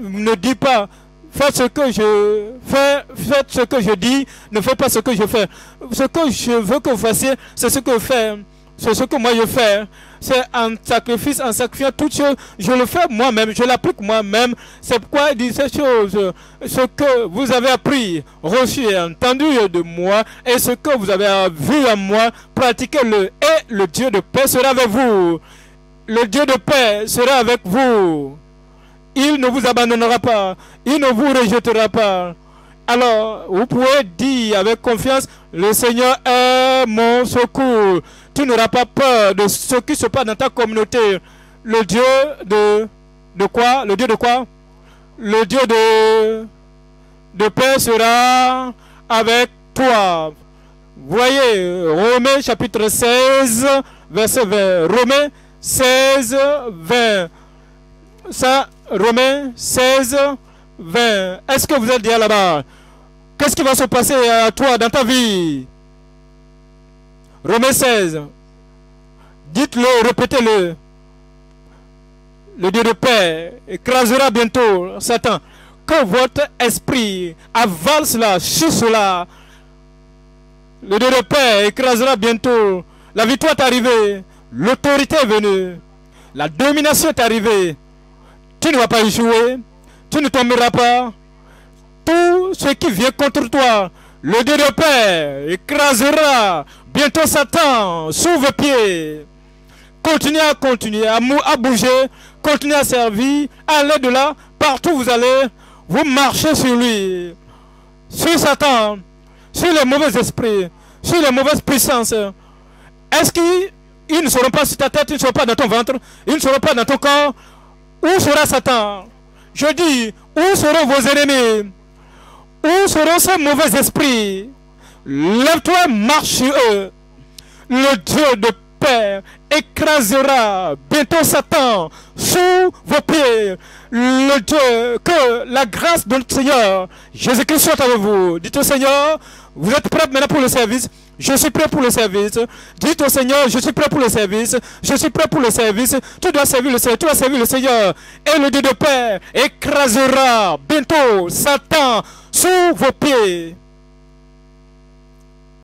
ne dis pas, faites ce que je fais, faites ce que je dis, ne faites pas ce que je fais. Ce que je veux que vous fassiez, c'est ce que vous faites. C'est ce que moi je fais. C'est un sacrifice, en sacrifiant toutes choses. Je le fais moi-même, je l'applique moi-même. C'est pourquoi il dit ces choses. Ce que vous avez appris, reçu et entendu de moi, et ce que vous avez vu en moi, pratiquez-le. Et le Dieu de paix sera avec vous le Dieu de paix sera avec vous. Il ne vous abandonnera pas. Il ne vous rejettera pas. Alors, vous pouvez dire avec confiance, le Seigneur est mon secours. Tu n'auras pas peur de ce qui se passe dans ta communauté. Le Dieu de, de quoi Le Dieu de quoi Le Dieu de, de paix sera avec toi. Voyez, Romains chapitre 16, verset 20. Romains 16, 20. Ça, Romains 16, 20. Est-ce que vous êtes déjà là-bas Qu'est-ce qui va se passer à toi dans ta vie Romains 16. Dites-le, répétez-le. Le Dieu de paix écrasera bientôt Satan. Que votre esprit avance là, sur cela. Le Dieu de paix écrasera bientôt. La victoire est arrivée. L'autorité est venue. La domination est arrivée. Tu ne vas pas échouer. Tu ne tomberas pas. Tout ce qui vient contre toi, le Dieu de Père, écrasera. Bientôt Satan sous vos pieds. Continuez à continuer, à, bouger, continuez à servir, allez de là, partout vous allez, vous marchez sur lui, sur Satan, sur les mauvais esprits, sur les mauvaises puissances. Est-ce qu'il ils ne seront pas sur ta tête, ils ne seront pas dans ton ventre, ils ne seront pas dans ton corps. Où sera Satan Je dis, où seront vos ennemis Où seront ces mauvais esprits Lève-toi, marche sur eux. Le Dieu de Père écrasera bientôt Satan sous vos pieds. Le Dieu, que la grâce de notre Seigneur, Jésus-Christ soit avec vous. Dites au Seigneur, vous êtes prêts maintenant pour le service je suis prêt pour le service. Dites au Seigneur, je suis prêt pour le service. Je suis prêt pour le service. Tu dois servir le Seigneur, tu dois servir le Seigneur. Et le Dieu de Père écrasera bientôt Satan sous vos pieds.